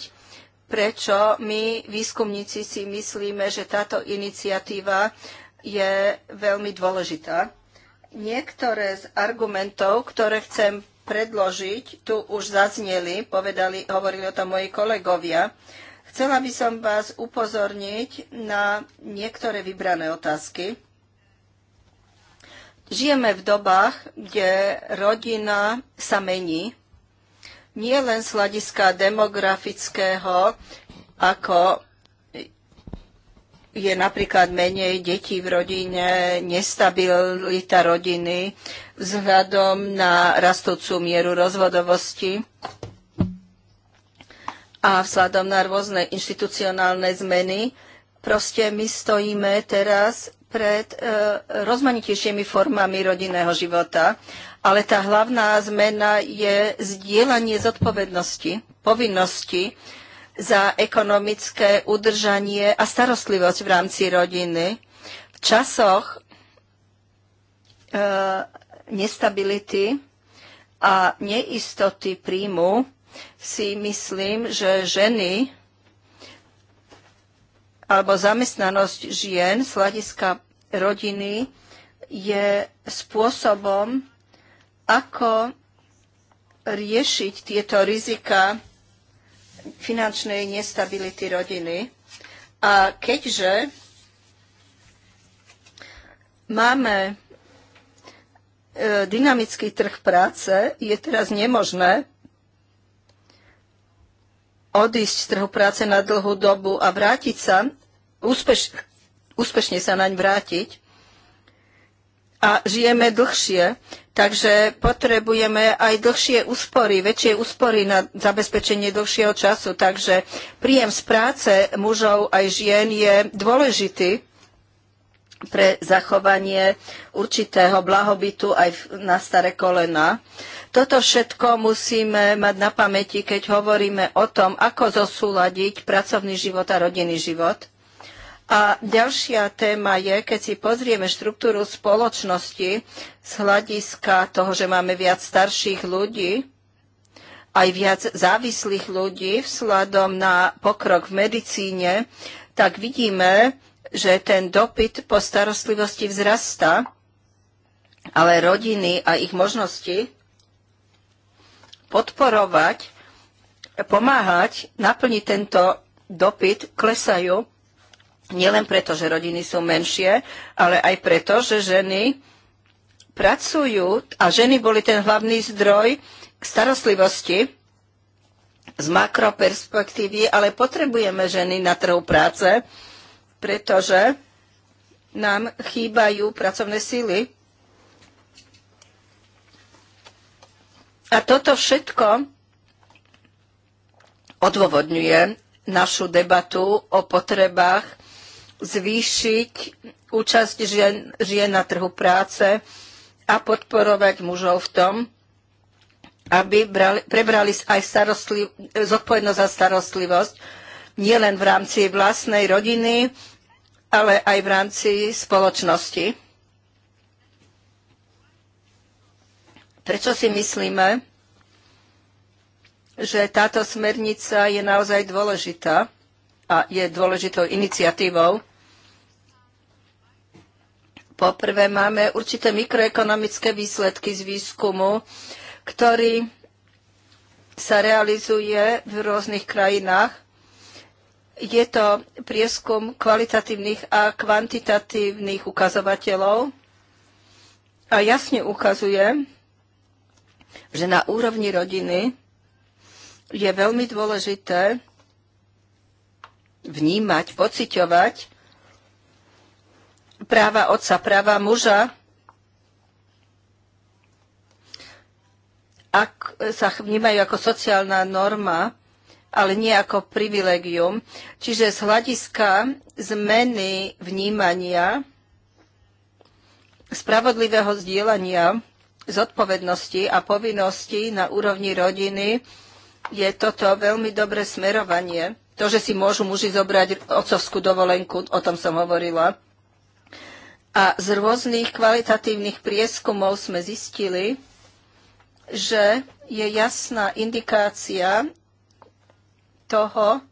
prečo my výskumníci si myslíme, že táto iniciatíva je veľmi dôležitá. Niektoré z argumentov, ktoré chcem predložiť, tu už zazneli, povedali, hovorili o tom moji kolegovia. Chcela by som vás upozorniť na niektoré vybrané otázky. Žijeme v dobách, kde rodina sa mení, nie len z hľadiska demografického, ako je napríklad menej detí v rodine, nestabilita rodiny vzhľadom na rastúcu mieru rozvodovosti a vzhľadom na rôzne inštitucionálne zmeny. Proste my stojíme teraz pred e, rozmanitejšími formami rodinného života ale tá hlavná zmena je zdieľanie zodpovednosti, povinnosti za ekonomické udržanie a starostlivosť v rámci rodiny. V časoch e, nestability a neistoty príjmu si myslím, že ženy alebo zamestnanosť žien z hľadiska rodiny je spôsobom, ako riešiť tieto rizika finančnej nestability rodiny? A keďže máme e, dynamický trh práce, je teraz nemožné odísť z trhu práce na dlhú dobu a vrátiť sa, úspeš, úspešne sa naň vrátiť. A žijeme dlhšie. Takže potrebujeme aj dlhšie úspory, väčšie úspory na zabezpečenie dlhšieho času. Takže príjem z práce mužov aj žien je dôležitý pre zachovanie určitého blahobytu aj na staré kolena. Toto všetko musíme mať na pamäti, keď hovoríme o tom, ako zosúladiť pracovný život a rodinný život. A ďalšia téma je, keď si pozrieme štruktúru spoločnosti z hľadiska toho, že máme viac starších ľudí, aj viac závislých ľudí vzhľadom na pokrok v medicíne, tak vidíme, že ten dopyt po starostlivosti vzrasta, ale rodiny a ich možnosti podporovať, pomáhať, naplniť tento dopyt klesajú Nielen preto, že rodiny sú menšie, ale aj preto, že ženy pracujú a ženy boli ten hlavný zdroj starostlivosti z makroperspektívy, ale potrebujeme ženy na trhu práce, pretože nám chýbajú pracovné síly. A toto všetko odôvodňuje našu debatu o potrebách zvýšiť účasť žien, žien na trhu práce a podporovať mužov v tom, aby brali, prebrali aj starostliv, zodpovednosť za starostlivosť nielen v rámci vlastnej rodiny, ale aj v rámci spoločnosti. Prečo si myslíme, že táto smernica je naozaj dôležitá a je dôležitou iniciatívou? Poprvé máme určité mikroekonomické výsledky z výskumu, ktorý sa realizuje v rôznych krajinách. Je to prieskum kvalitatívnych a kvantitatívnych ukazovateľov a jasne ukazuje, že na úrovni rodiny je veľmi dôležité vnímať, pociťovať práva otca, práva muža, ak sa vnímajú ako sociálna norma, ale nie ako privilegium. Čiže z hľadiska zmeny vnímania, spravodlivého zdieľania zodpovednosti a povinnosti na úrovni rodiny je toto veľmi dobré smerovanie. To, že si môžu muži zobrať otcovskú dovolenku, o tom som hovorila, a z rôznych kvalitatívnych prieskumov sme zistili, že je jasná indikácia toho,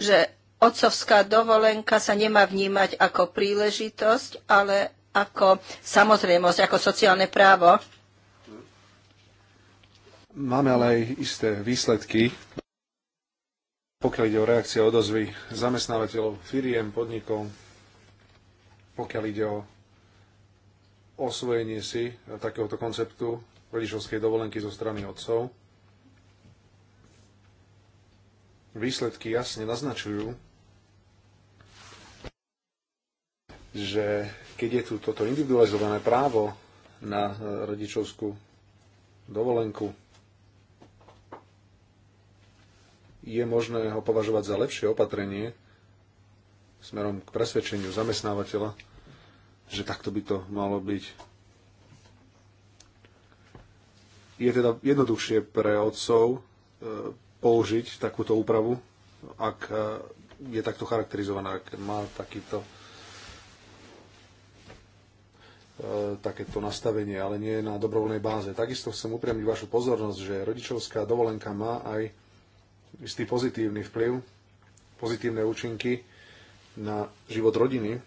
že otcovská dovolenka sa nemá vnímať ako príležitosť, ale ako samozrejmosť, ako sociálne právo. Máme ale aj isté výsledky, pokiaľ ide o reakcie a odozvy zamestnávateľov, firiem, podnikov, pokiaľ ide o osvojenie si takéhoto konceptu rodičovskej dovolenky zo strany otcov. Výsledky jasne naznačujú, že keď je tu toto individualizované právo na e, rodičovskú dovolenku, je možné ho považovať za lepšie opatrenie smerom k presvedčeniu zamestnávateľa, že takto by to malo byť. Je teda jednoduchšie pre otcov e, použiť takúto úpravu, ak e, je takto charakterizovaná, ak má takýto e, takéto nastavenie, ale nie na dobrovoľnej báze. Takisto chcem upriamiť vašu pozornosť, že rodičovská dovolenka má aj istý pozitívny vplyv, pozitívne účinky na život rodiny.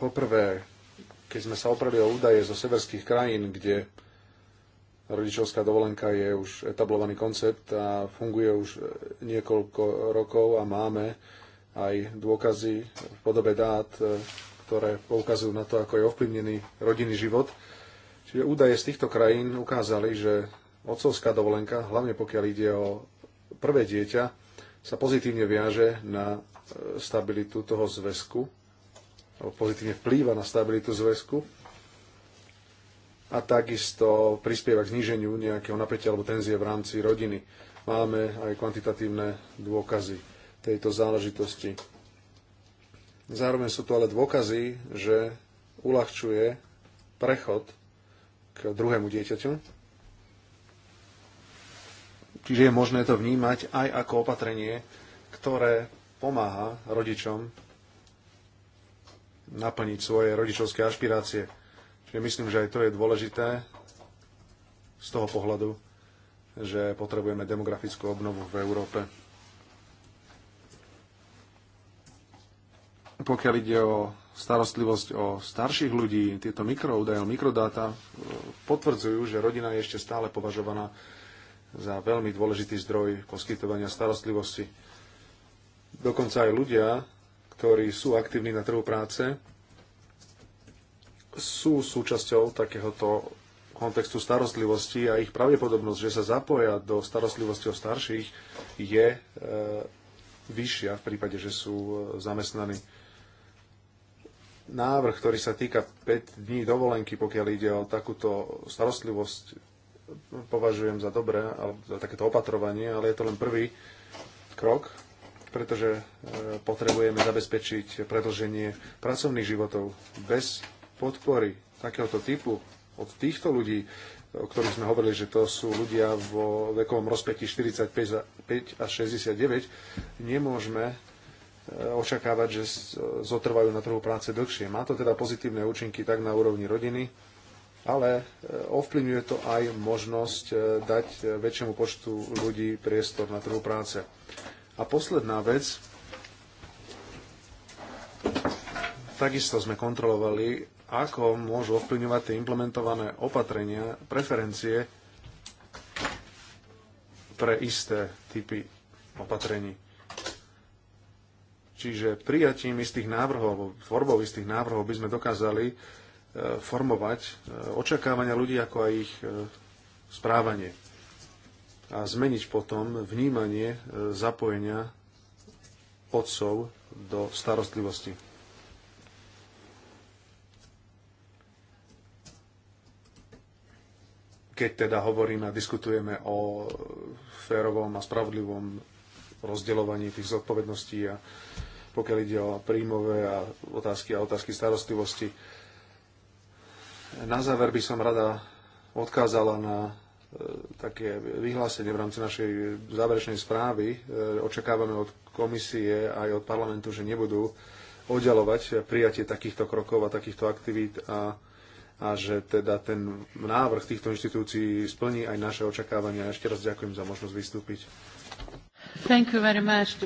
Poprvé, keď sme sa opreli o údaje zo severských krajín, kde rodičovská dovolenka je už etablovaný koncept a funguje už e, niekoľko rokov a máme aj dôkazy v podobe dát, e, ktoré poukazujú na to, ako je ovplyvnený rodinný život. Čiže údaje z týchto krajín ukázali, že otcovská dovolenka, hlavne pokiaľ ide o prvé dieťa, sa pozitívne viaže na e, stabilitu toho zväzku pozitívne vplýva na stabilitu zväzku a takisto prispieva k zníženiu nejakého napätia alebo tenzie v rámci rodiny. Máme aj kvantitatívne dôkazy tejto záležitosti. Zároveň sú tu ale dôkazy, že uľahčuje prechod k druhému dieťaťu. Čiže je možné to vnímať aj ako opatrenie, ktoré pomáha rodičom naplniť svoje rodičovské ašpirácie. Čiže myslím, že aj to je dôležité z toho pohľadu, že potrebujeme demografickú obnovu v Európe. Pokiaľ ide o starostlivosť o starších ľudí, tieto mikroúdaje, mikrodáta eh, potvrdzujú, že rodina je ešte stále považovaná za veľmi dôležitý zdroj poskytovania starostlivosti. Dokonca aj ľudia ktorí sú aktívni na trhu práce, sú súčasťou takéhoto kontextu starostlivosti a ich pravdepodobnosť, že sa zapoja do starostlivosti o starších, je e, vyššia v prípade, že sú e, zamestnaní. Návrh, ktorý sa týka 5 dní dovolenky, pokiaľ ide o takúto starostlivosť, považujem za dobré, alebo za takéto opatrovanie, ale je to len prvý krok pretože e, potrebujeme zabezpečiť predlženie pracovných životov. Bez podpory takéhoto typu od týchto ľudí, o ktorých sme hovorili, že to sú ľudia vo vekovom rozpeti 45 až 69, nemôžeme e, očakávať, že zotrvajú na trhu práce dlhšie. Má to teda pozitívne účinky tak na úrovni rodiny, ale e, ovplyvňuje to aj možnosť dať väčšiemu počtu ľudí priestor na trhu práce. A posledná vec, takisto sme kontrolovali, ako môžu ovplyvňovať tie implementované opatrenia, preferencie pre isté typy opatrení. Čiže prijatím istých návrhov, tvorbou istých návrhov by sme dokázali e, formovať e, očakávania ľudí, ako aj ich e, správanie a zmeniť potom vnímanie e, zapojenia otcov do starostlivosti. Keď teda hovoríme a diskutujeme o férovom a spravodlivom rozdeľovaní tých zodpovedností a pokiaľ ide o príjmové a otázky a otázky starostlivosti. Na záver by som rada odkázala na E, také vyhlásenie v rámci našej záverečnej správy. E, očakávame od komisie aj od parlamentu, že nebudú oddalovať prijatie takýchto krokov a takýchto aktivít a, a že teda ten návrh týchto inštitúcií splní aj naše očakávania. Ešte raz ďakujem za možnosť vystúpiť. Thank you very much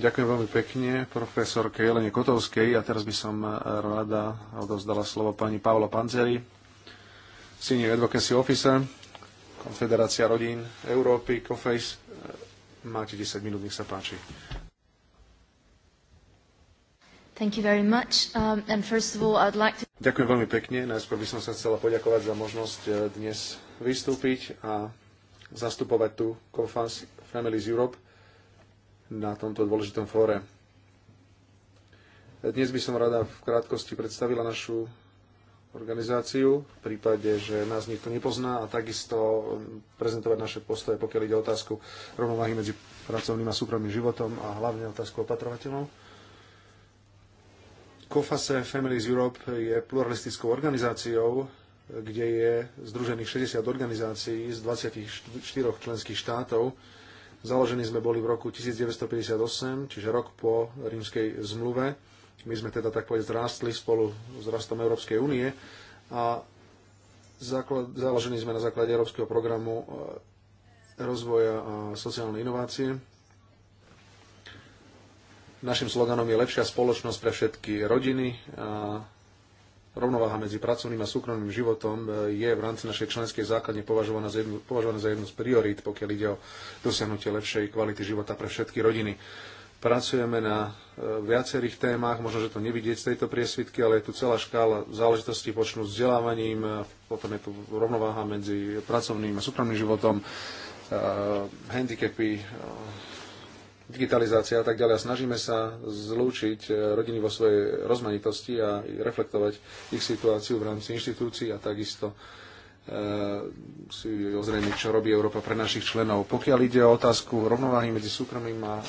Ďakujem veľmi pekne profesorke Jelene Kotovskej a teraz by som e, rada odovzdala slovo pani Pavlo Panzeri, senior advocacy officer Konfederácia rodín Európy, COFEIS. Máte 10 minút, nech sa páči. Thank you very much. Um, and first of all, I'd like to... Ďakujem veľmi pekne. Najskôr by som sa chcela poďakovať za možnosť eh, dnes vystúpiť a zastupovať tu COFAS Families Europe na tomto dôležitom fóre. Dnes by som rada v krátkosti predstavila našu organizáciu v prípade, že nás nikto nepozná a takisto um, prezentovať naše postoje, pokiaľ ide o otázku rovnováhy medzi pracovným a súkromným životom a hlavne otázku opatrovateľov. COFASE Families Europe je pluralistickou organizáciou, kde je združených 60 organizácií z 24 členských štátov. Založení sme boli v roku 1958, čiže rok po rímskej zmluve my sme teda tak povedať zrástli spolu s rastom Európskej únie a založení sme na základe Európskeho programu e, rozvoja a sociálnej inovácie. Našim sloganom je lepšia spoločnosť pre všetky rodiny a rovnováha medzi pracovným a súkromným životom e, je v rámci našej členskej základne považovaná za jednu, považovaná za jednu z priorít, pokiaľ ide o dosiahnutie lepšej kvality života pre všetky rodiny. Pracujeme na e, viacerých témach, možno, že to nevidieť z tejto priesvitky, ale je tu celá škála záležitostí počnú vzdelávaním, potom je tu rovnováha medzi pracovným a súkromným životom, e, handicapy, e, digitalizácia a tak ďalej. Snažíme sa zlúčiť rodiny vo svojej rozmanitosti a reflektovať ich situáciu v rámci inštitúcií a takisto si ozrejme, čo robí Európa pre našich členov. Pokiaľ ide o otázku rovnováhy medzi súkromným a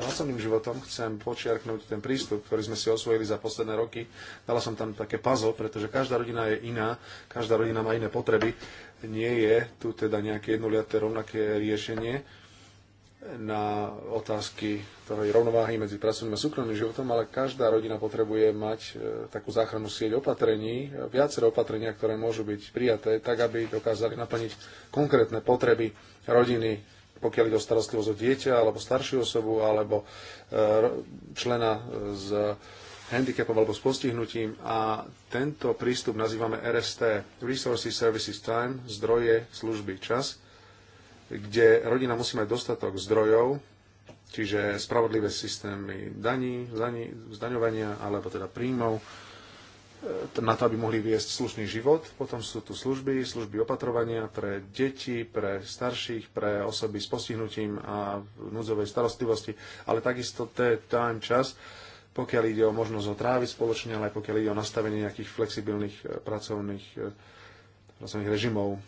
pracovným životom chcem počiarknúť ten prístup, ktorý sme si osvojili za posledné roky. Dala som tam také puzzle, pretože každá rodina je iná, každá rodina má iné potreby. Nie je tu teda nejaké jednoliaté rovnaké riešenie na otázky toho rovnováhy medzi pracovným a súkromným životom, ale každá rodina potrebuje mať e, takú záchrannú sieť opatrení, viaceré opatrenia, ktoré môžu byť prijaté, tak aby dokázali naplniť konkrétne potreby rodiny pokiaľ ide o starostlivosť o dieťa, alebo staršiu osobu, alebo e, člena s handicapom alebo s postihnutím. A tento prístup nazývame RST, Resources, Services, Time, zdroje, služby, čas, kde rodina musí mať dostatok zdrojov, čiže spravodlivé systémy daní, zdaňovania alebo teda príjmov, E, na to, aby mohli viesť slušný život. Potom sú tu služby, služby opatrovania pre deti, pre starších, pre osoby s postihnutím a núdzovej starostlivosti, ale takisto to je time čas, pokiaľ ide o možnosť ho tráviť spoločne, ale aj pokiaľ ide o nastavenie nejakých flexibilných e, pracovných, e, pracovných režimov.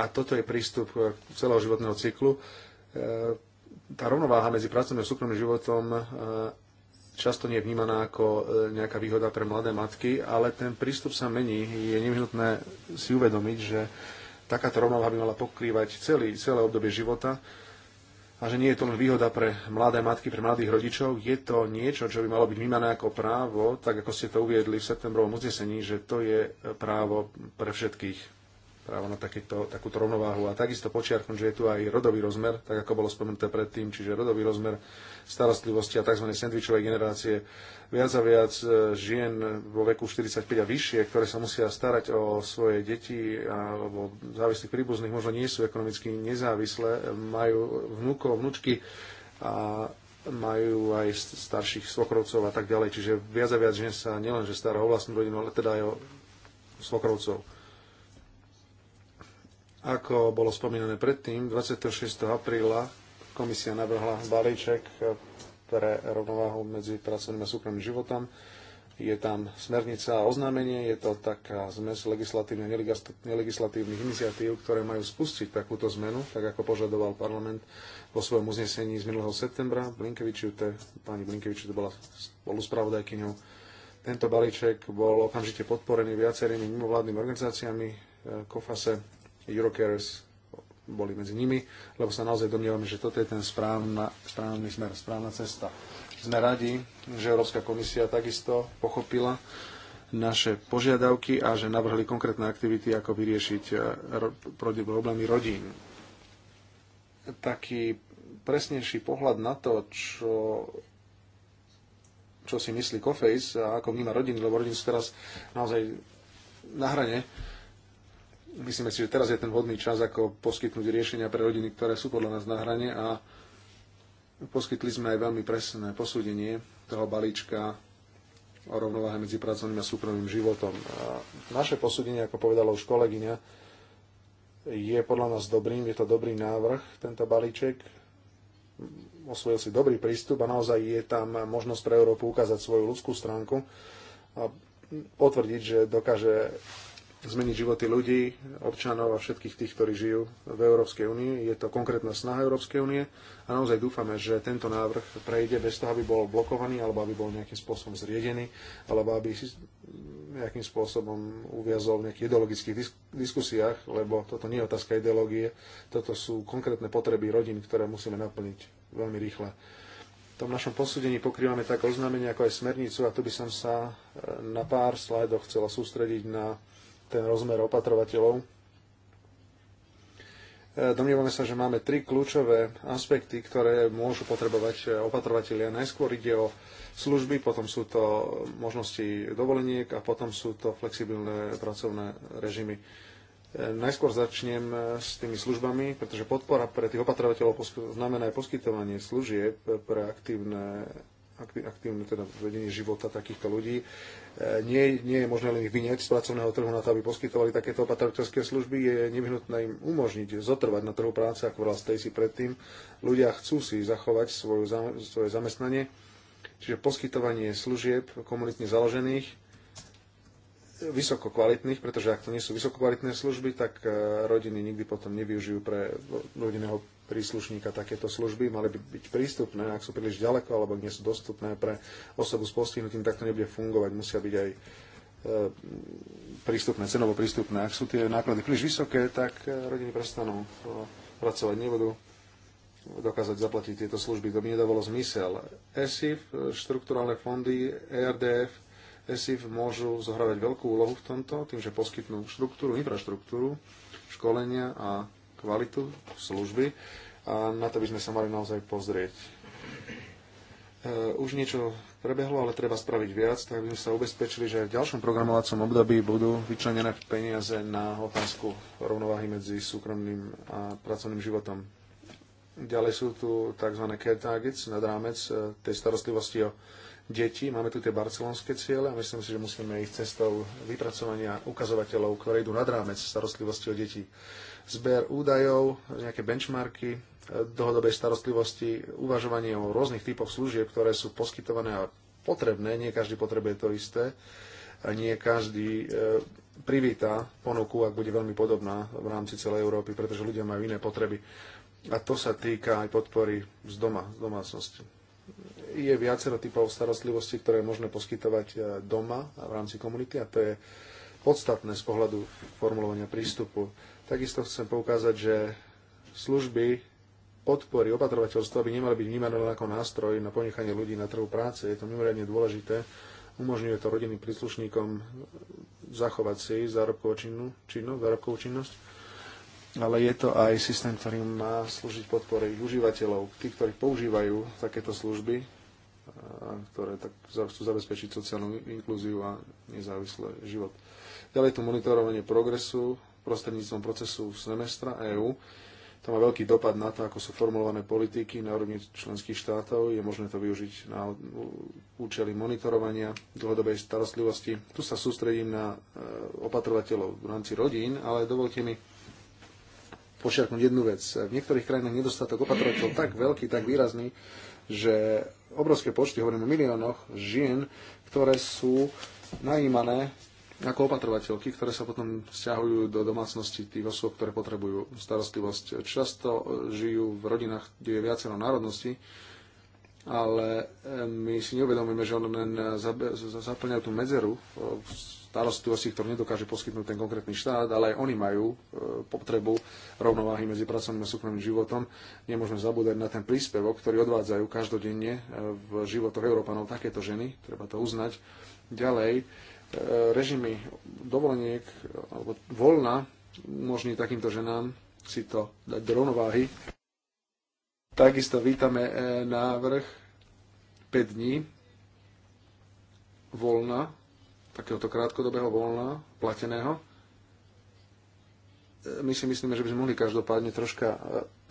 A toto je prístup celého životného cyklu. Tá rovnováha medzi pracovným a súkromným životom často nie je vnímaná ako e, nejaká výhoda pre mladé matky, ale ten prístup sa mení. Je nevyhnutné si uvedomiť, že takáto rovnováha by mala pokrývať celý, celé obdobie života a že nie je to len výhoda pre mladé matky, pre mladých rodičov, je to niečo, čo by malo byť vnímané ako právo, tak ako ste to uviedli v septembrovom uznesení, že to je právo pre všetkých právo na takýto, takúto rovnováhu. A takisto počiarknúť, že je tu aj rodový rozmer, tak ako bolo spomenuté predtým, čiže rodový rozmer starostlivosti a tzv. sandvičovej generácie. Viac a viac e, žien vo veku 45 a vyššie, ktoré sa musia starať o svoje deti alebo závislých príbuzných, možno nie sú ekonomicky nezávislé, majú vnúkov, vnúčky a majú aj starších svokrovcov a tak ďalej. Čiže viac a viac žien sa nielenže stará o vlastnú rodinu, ale teda aj o svokrovcov. Ako bolo spomínané predtým, 26. apríla komisia navrhla balíček pre rovnováhu medzi pracovným a súkromným životom. Je tam smernica a oznámenie, je to taká zmes legislatívnych a nelegislatívnych iniciatív, ktoré majú spustiť takúto zmenu, tak ako požadoval parlament vo svojom uznesení z minulého septembra. Blinkevičiute, pani to bola spoluspravodajkyňou. Tento balíček bol okamžite podporený viacerými mimovládnymi organizáciami, eh, KOFASE, Eurocares boli medzi nimi, lebo sa naozaj domnievame, že toto je ten správna, správny smer, správna cesta. Sme radi, že Európska komisia takisto pochopila naše požiadavky a že navrhli konkrétne aktivity, ako vyriešiť eh, problémy rodín. Taký presnejší pohľad na to, čo čo si myslí Coface a ako vníma rodiny, lebo rodiny sú teraz naozaj na hrane Myslíme si, že teraz je ten vhodný čas, ako poskytnúť riešenia pre rodiny, ktoré sú podľa nás na hrane a poskytli sme aj veľmi presné posúdenie toho balíčka o rovnováhe medzi pracovným a súkromným životom. A naše posúdenie, ako povedala už kolegyňa, je podľa nás dobrým, je to dobrý návrh, tento balíček. Osvojil si dobrý prístup a naozaj je tam možnosť pre Európu ukázať svoju ľudskú stránku a potvrdiť, že dokáže zmeniť životy ľudí, občanov a všetkých tých, ktorí žijú v Európskej únie. Je to konkrétna snaha Európskej únie a naozaj dúfame, že tento návrh prejde bez toho, aby bol blokovaný, alebo aby bol nejakým spôsobom zriedený, alebo aby nejakým spôsobom uviazol v nejakých ideologických disk- diskusiách, lebo toto nie je otázka ideológie, toto sú konkrétne potreby rodín, ktoré musíme naplniť veľmi rýchle. V tom našom posúdení pokrývame tak oznámenie ako aj smernicu a tu by som sa e, na pár slajdoch chcela sústrediť na ten rozmer opatrovateľov. E, domnievame sa, že máme tri kľúčové aspekty, ktoré môžu potrebovať e, opatrovateľia. Najskôr ide o služby, potom sú to možnosti dovoleniek a potom sú to flexibilné pracovné režimy. E, najskôr začnem s tými službami, pretože podpora pre tých opatrovateľov znamená aj poskytovanie služieb pre aktívne aktívne teda vedenie života takýchto ľudí. E, nie, nie je možné len ich vynieť z pracovného trhu na to, aby poskytovali takéto opatrovateľské služby. Je nevyhnutné im umožniť zotrvať na trhu práce, ako volal Stacy predtým. Ľudia chcú si zachovať svoju, svoje zamestnanie, čiže poskytovanie služieb komunitne založených, vysoko kvalitných, pretože ak to nie sú vysokokvalitné služby, tak e, rodiny nikdy potom nevyužijú pre rodinného príslušníka takéto služby, mali by byť prístupné, ak sú príliš ďaleko alebo nie sú dostupné pre osobu s postihnutím, tak to nebude fungovať, musia byť aj e, prístupné, cenovo prístupné. Ak sú tie náklady príliš vysoké, tak e, rodiny prestanú e, pracovať, nebudú dokázať zaplatiť tieto služby. To by nedávalo zmysel. ESIF, štrukturálne fondy, ERDF, ESIF môžu zohrávať veľkú úlohu v tomto, tým, že poskytnú štruktúru, infraštruktúru, školenia a kvalitu služby a na to by sme sa mali naozaj pozrieť. E, už niečo prebehlo, ale treba spraviť viac, tak by sme sa ubezpečili, že v ďalšom programovacom období budú vyčlenené peniaze na otázku rovnováhy medzi súkromným a pracovným životom. Ďalej sú tu tzv. care targets na rámec e, tej starostlivosti o deti. Máme tu tie barcelonské ciele a myslím si, že musíme ich cestou vypracovania ukazovateľov, ktoré idú nad rámec starostlivosti o deti zber údajov, nejaké benchmarky e, dlhodobej starostlivosti, uvažovanie o rôznych typoch služieb, ktoré sú poskytované a potrebné. Nie každý potrebuje to isté. A nie každý e, privíta ponuku, ak bude veľmi podobná v rámci celej Európy, pretože ľudia majú iné potreby. A to sa týka aj podpory z doma, z domácnosti. Je viacero typov starostlivosti, ktoré je možné poskytovať e, doma v rámci komunity a to je podstatné z pohľadu formulovania prístupu Takisto chcem poukázať, že služby podpory opatrovateľstva by nemali byť vnímané len ako nástroj na ponechanie ľudí na trhu práce. Je to mimoriadne dôležité. Umožňuje to rodinným príslušníkom zachovať si zárobkovú činnú, činnosť, zárobkovú činnosť. Ale je to aj systém, ktorý má slúžiť podpore užívateľov, tých, ktorí používajú takéto služby, ktoré tak chcú zabezpečiť sociálnu inklúziu a nezávislý život. Ďalej je to monitorovanie progresu prostredníctvom procesu semestra EÚ. To má veľký dopad na to, ako sú formulované politiky na úrovni členských štátov. Je možné to využiť na účely monitorovania dlhodobej starostlivosti. Tu sa sústredím na e, opatrovateľov v rámci rodín, ale dovolte mi pošiarknúť jednu vec. V niektorých krajinách nedostatok opatrovateľov tak veľký, tak výrazný, že obrovské počty, hovorím o miliónoch žien, ktoré sú najímané ako opatrovateľky, ktoré sa potom vzťahujú do domácnosti tých osôb, ktoré potrebujú starostlivosť. Často žijú v rodinách, kde je viacero národností, ale eh, my si neuvedomujeme, že on len zaplňajú tú medzeru v eh, starostlivosti, ktorú nedokáže poskytnúť ten konkrétny štát, ale aj oni majú eh, potrebu rovnováhy medzi pracovným a súkromným životom. Nemôžeme zabúdať na ten príspevok, ktorý odvádzajú každodenne v životoch Európanov takéto ženy, treba to uznať. Ďalej, režimy dovoleniek alebo voľna umožní takýmto ženám si to dať do rovnováhy. Takisto vítame e, návrh 5 dní voľna, takéhoto krátkodobého voľna, plateného. E, my si myslíme, že by sme mohli každopádne troška e,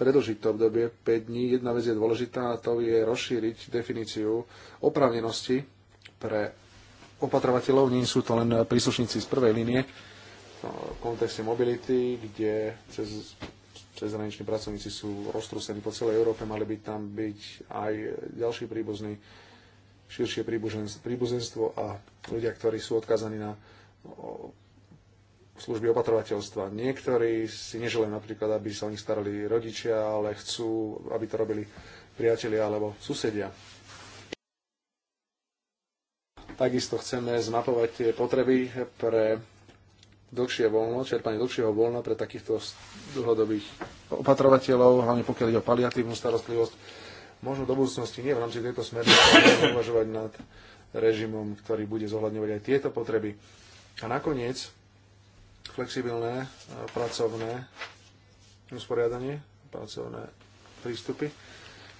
predlžiť to obdobie 5 dní. Jedna vec je dôležitá a to je rozšíriť definíciu oprávnenosti pre opatrovateľov, nie sú to len príslušníci z prvej línie e, v kontexte mobility, kde cez cezhraniční pracovníci sú roztrúsení po celej Európe, mali by tam byť aj ďalší príbuzní, širšie príbuzenstvo a ľudia, ktorí sú odkázaní na služby opatrovateľstva. Niektorí si neželajú napríklad, aby sa o nich starali rodičia, ale chcú, aby to robili priatelia alebo susedia. Takisto chceme zmapovať tie potreby pre dlhšie voľno, čerpanie dlhšieho voľna pre takýchto dlhodobých opatrovateľov, hlavne pokiaľ ide o paliatívnu starostlivosť. Možno do budúcnosti nie v rámci tejto smery uvažovať nad režimom, ktorý bude zohľadňovať aj tieto potreby. A nakoniec flexibilné e, pracovné usporiadanie, pracovné prístupy.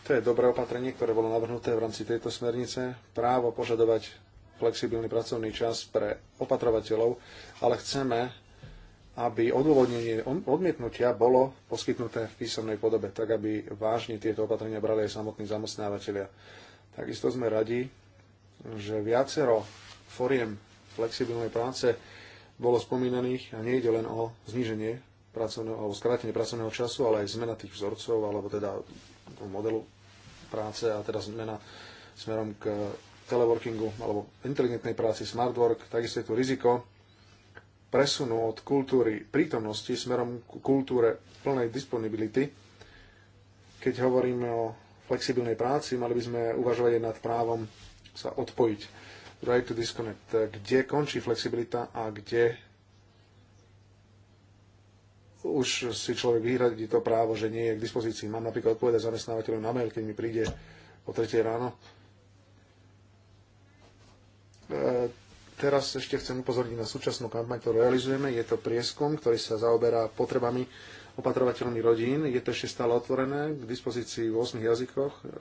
To je dobré opatrenie, ktoré bolo navrhnuté v rámci tejto smernice. Právo požadovať flexibilný pracovný čas pre opatrovateľov, ale chceme, aby odôvodnenie odmietnutia bolo poskytnuté v písomnej podobe, tak aby vážne tieto opatrenia brali aj samotní zamestnávateľia. Takisto sme radi, že viacero foriem flexibilnej práce bolo spomínaných a nejde len o zníženie pracovného alebo skrátenie pracovného času, ale aj zmena tých vzorcov alebo teda modelu práce a teda zmena smerom k teleworkingu alebo inteligentnej práci smart work, takisto je tu riziko presunu od kultúry prítomnosti smerom k kultúre plnej disponibility. Keď hovoríme o flexibilnej práci, mali by sme uvažovať aj nad právom sa odpojiť. Right to disconnect. Kde končí flexibilita a kde už si človek vyhradí to právo, že nie je k dispozícii. Mám napríklad odpovedať zamestnávateľom na mail, keď mi príde o 3 ráno E, teraz ešte chcem upozorniť na súčasnú kampaň, ktorú realizujeme. Je to prieskum, ktorý sa zaoberá potrebami opatrovateľmi rodín. Je to ešte stále otvorené k dispozícii v 8 jazykoch. E, e,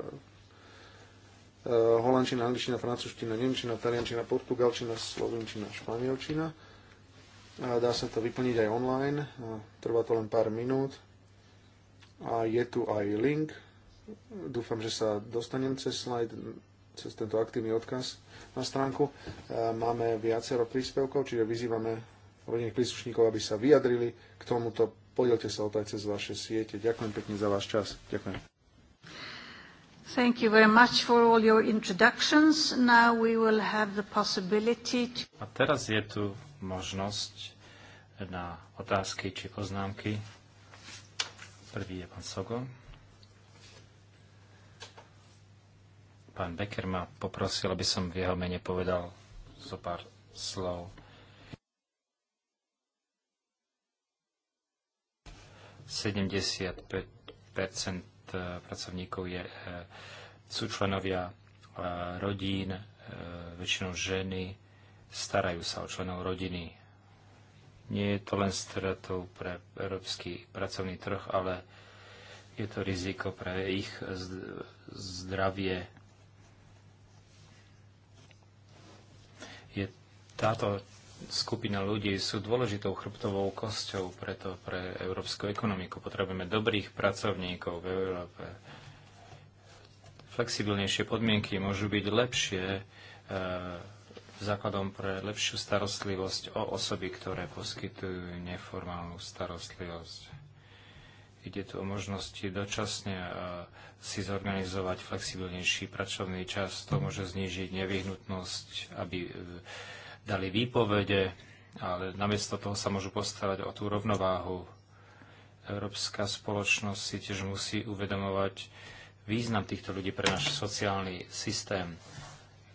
holandčina, angličtina, francúzština, nemčina, taliančina, portugalčina, slovenčina, španielčina. Dá sa to vyplniť aj online, trvá to len pár minút. A je tu aj link. Dúfam, že sa dostanem cez slide cez tento aktívny odkaz na stránku. E, máme viacero príspevkov, čiže vyzývame rodinných príslušníkov, aby sa vyjadrili k tomuto. Podielte sa o to aj cez vaše siete. Ďakujem pekne za váš čas. Ďakujem. Thank you very much for all your introductions. Now we will have the possibility to... A teraz je tu možnosť na otázky či poznámky. Prvý je pán Sogo. Pán Becker ma poprosil, aby som v jeho mene povedal zo pár slov. percent eh, pracovníkov je, eh, sú členovia eh, rodín, väčšinou ženy, starajú sa o členov rodiny. Nie je to len stratou pre európsky pracovný trh, ale je to riziko pre ich zdravie Táto skupina ľudí sú dôležitou chrbtovou kosťou preto pre európsku ekonomiku. Potrebujeme dobrých pracovníkov v Európe. Flexibilnejšie podmienky môžu byť lepšie e, základom pre lepšiu starostlivosť o osoby, ktoré poskytujú neformálnu starostlivosť. Ide tu o možnosti dočasne e, si zorganizovať flexibilnejší pracovný čas. To môže znížiť nevyhnutnosť, aby e, dali výpovede, ale namiesto toho sa môžu postarať o tú rovnováhu. Európska spoločnosť si tiež musí uvedomovať význam týchto ľudí pre náš sociálny systém.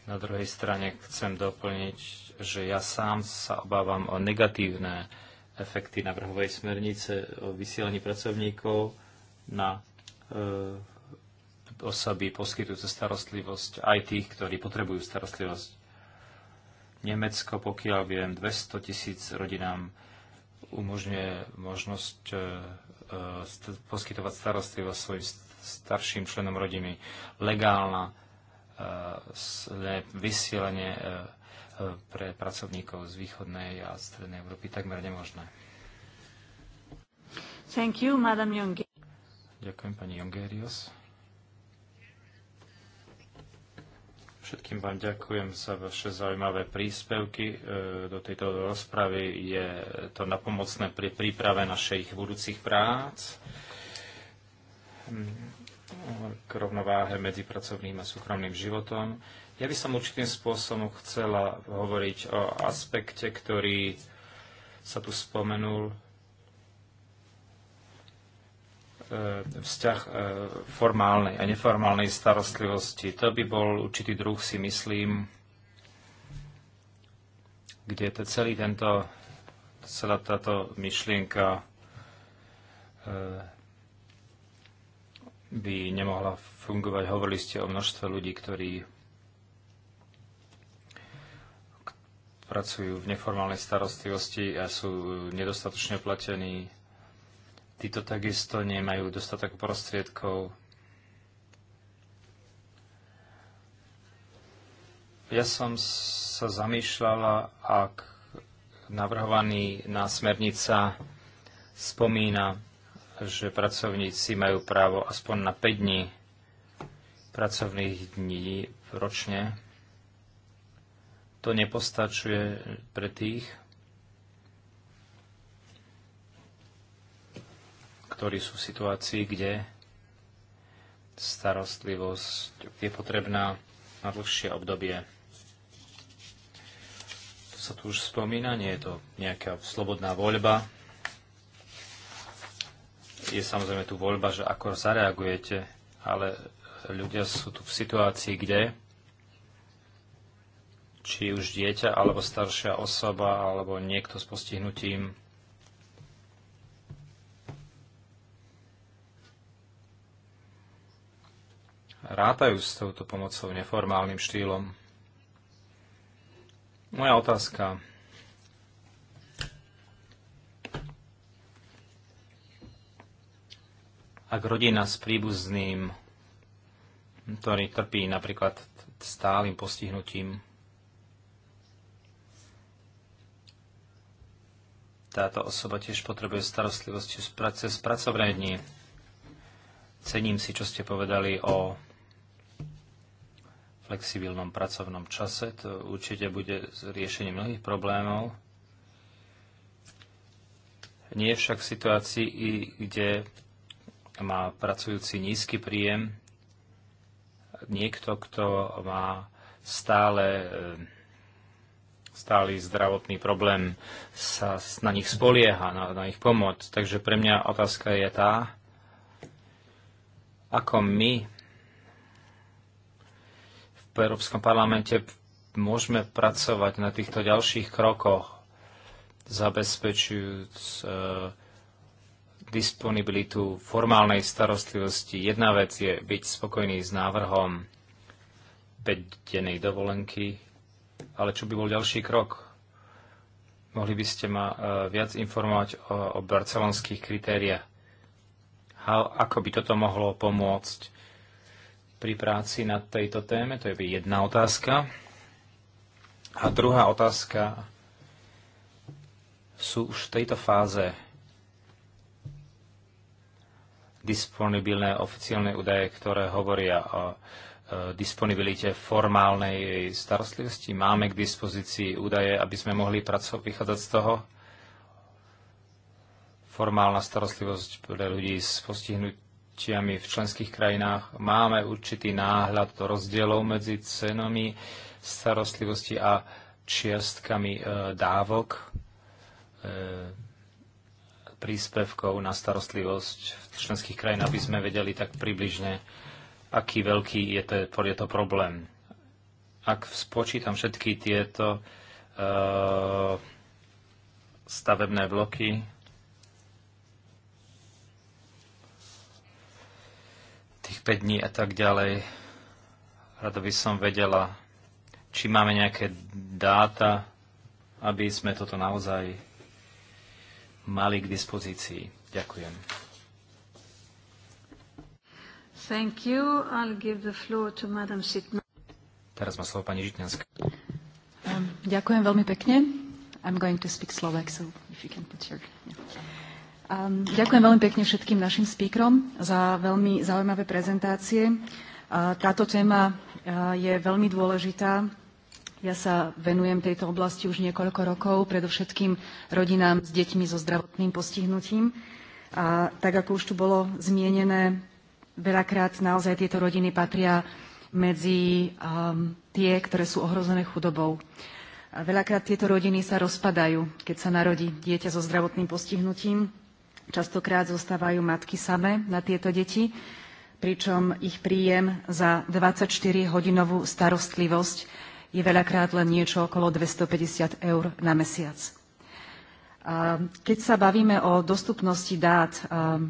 Na druhej strane chcem doplniť, že ja sám sa obávam o negatívne efekty navrhovej smernice o vysielaní pracovníkov na e, osoby poskytujúce starostlivosť, aj tých, ktorí potrebujú starostlivosť. Nemecko, pokiaľ viem, 200 tisíc rodinám umožňuje možnosť e, e, poskytovať starostlivosť svojim starším členom rodiny. Legálna e, vysielanie pre pracovníkov z východnej a strednej Európy takmer nemožné. Thank you, Madam Ďakujem, pani Jongerius. Všetkým vám ďakujem za vaše zaujímavé príspevky e, do tejto rozpravy. Je to napomocné pri príprave našich budúcich prác k rovnováhe medzi pracovným a súkromným životom. Ja by som určitým spôsobom chcela hovoriť o aspekte, ktorý sa tu spomenul, E, vzťah e, formálnej a neformálnej starostlivosti. To by bol určitý druh, si myslím, kde to celý tento, celá táto myšlienka e, by nemohla fungovať. Hovorili ste o množstve ľudí, ktorí pracujú v neformálnej starostlivosti a sú nedostatočne platení Títo takisto nemajú dostatok prostriedkov. Ja som sa zamýšľala, ak navrhovaný smernica spomína, že pracovníci majú právo aspoň na 5 dní pracovných dní ročne. To nepostačuje pre tých, ktorí sú v situácii, kde starostlivosť je potrebná na dlhšie obdobie. To sa tu už spomína, nie je to nejaká slobodná voľba. Je samozrejme tu voľba, že ako zareagujete, ale ľudia sú tu v situácii, kde či už dieťa, alebo staršia osoba, alebo niekto s postihnutím rátajú s touto pomocou neformálnym štýlom. Moja otázka. Ak rodina s príbuzným, ktorý trpí napríklad stálym postihnutím, táto osoba tiež potrebuje starostlivosť cez pracovné dni. Cením si, čo ste povedali o flexibilnom pracovnom čase. To určite bude riešenie mnohých problémov. Nie však v situácii, kde má pracujúci nízky príjem, niekto, kto má stále e, stály zdravotný problém, sa na nich spolieha, na, na ich pomoc. Takže pre mňa otázka je tá, ako my v Európskom parlamente môžeme pracovať na týchto ďalších krokoch, zabezpečujúc e, disponibilitu formálnej starostlivosti. Jedna vec je byť spokojný s návrhom 5-denej dovolenky, ale čo by bol ďalší krok? Mohli by ste ma e, viac informovať o, o barcelonských kritériách. ako by toto mohlo pomôcť pri práci na tejto téme? To je jedna otázka. A druhá otázka, sú už v tejto fáze disponibilné oficiálne údaje, ktoré hovoria o e, disponibilite formálnej starostlivosti. Máme k dispozícii údaje, aby sme mohli pracov- vychádzať z toho. Formálna starostlivosť pre ľudí s postihnutím podustiami v členských krajinách máme určitý náhľad do rozdielov medzi cenami starostlivosti a čiastkami e, dávok e, príspevkov na starostlivosť v členských krajín, aby sme vedeli tak približne, aký veľký je to, je to problém. Ak spočítam všetky tieto e, stavebné bloky, tých 5 dní a tak ďalej. Rado by som vedela, či máme nejaké dáta, aby sme toto naozaj mali k dispozícii. Ďakujem. Thank you. I'll give the floor to Madam Sitna. Teraz má slovo pani Žitňanská. Um, ďakujem veľmi pekne. I'm going to speak Slovak, so if you can put your... Yeah. Ehm, ďakujem veľmi pekne všetkým našim speakerom za veľmi zaujímavé prezentácie. Ehm, táto téma ehm, je veľmi dôležitá. Ja sa venujem tejto oblasti už niekoľko rokov, predovšetkým rodinám s deťmi so zdravotným postihnutím. A tak, ako už tu bolo zmienené, veľakrát naozaj tieto rodiny patria medzi um, tie, ktoré sú ohrozené chudobou. A veľakrát tieto rodiny sa rozpadajú, keď sa narodí dieťa so zdravotným postihnutím Častokrát zostávajú matky samé na tieto deti, pričom ich príjem za 24-hodinovú starostlivosť je veľakrát len niečo okolo 250 eur na mesiac. Keď sa bavíme o dostupnosti dát,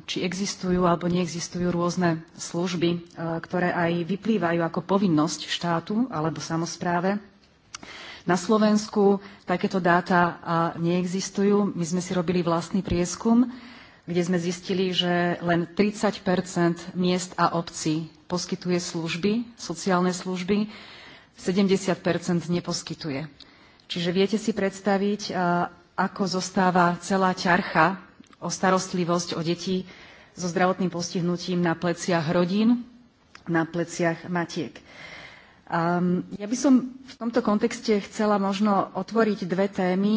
či existujú alebo neexistujú rôzne služby, ktoré aj vyplývajú ako povinnosť štátu alebo samozpráve, na Slovensku takéto dáta neexistujú. My sme si robili vlastný prieskum kde sme zistili, že len 30 miest a obcí poskytuje služby, sociálne služby, 70 neposkytuje. Čiže viete si predstaviť, ako zostáva celá ťarcha o starostlivosť o deti so zdravotným postihnutím na pleciach rodín, na pleciach matiek. Ja by som v tomto kontexte chcela možno otvoriť dve témy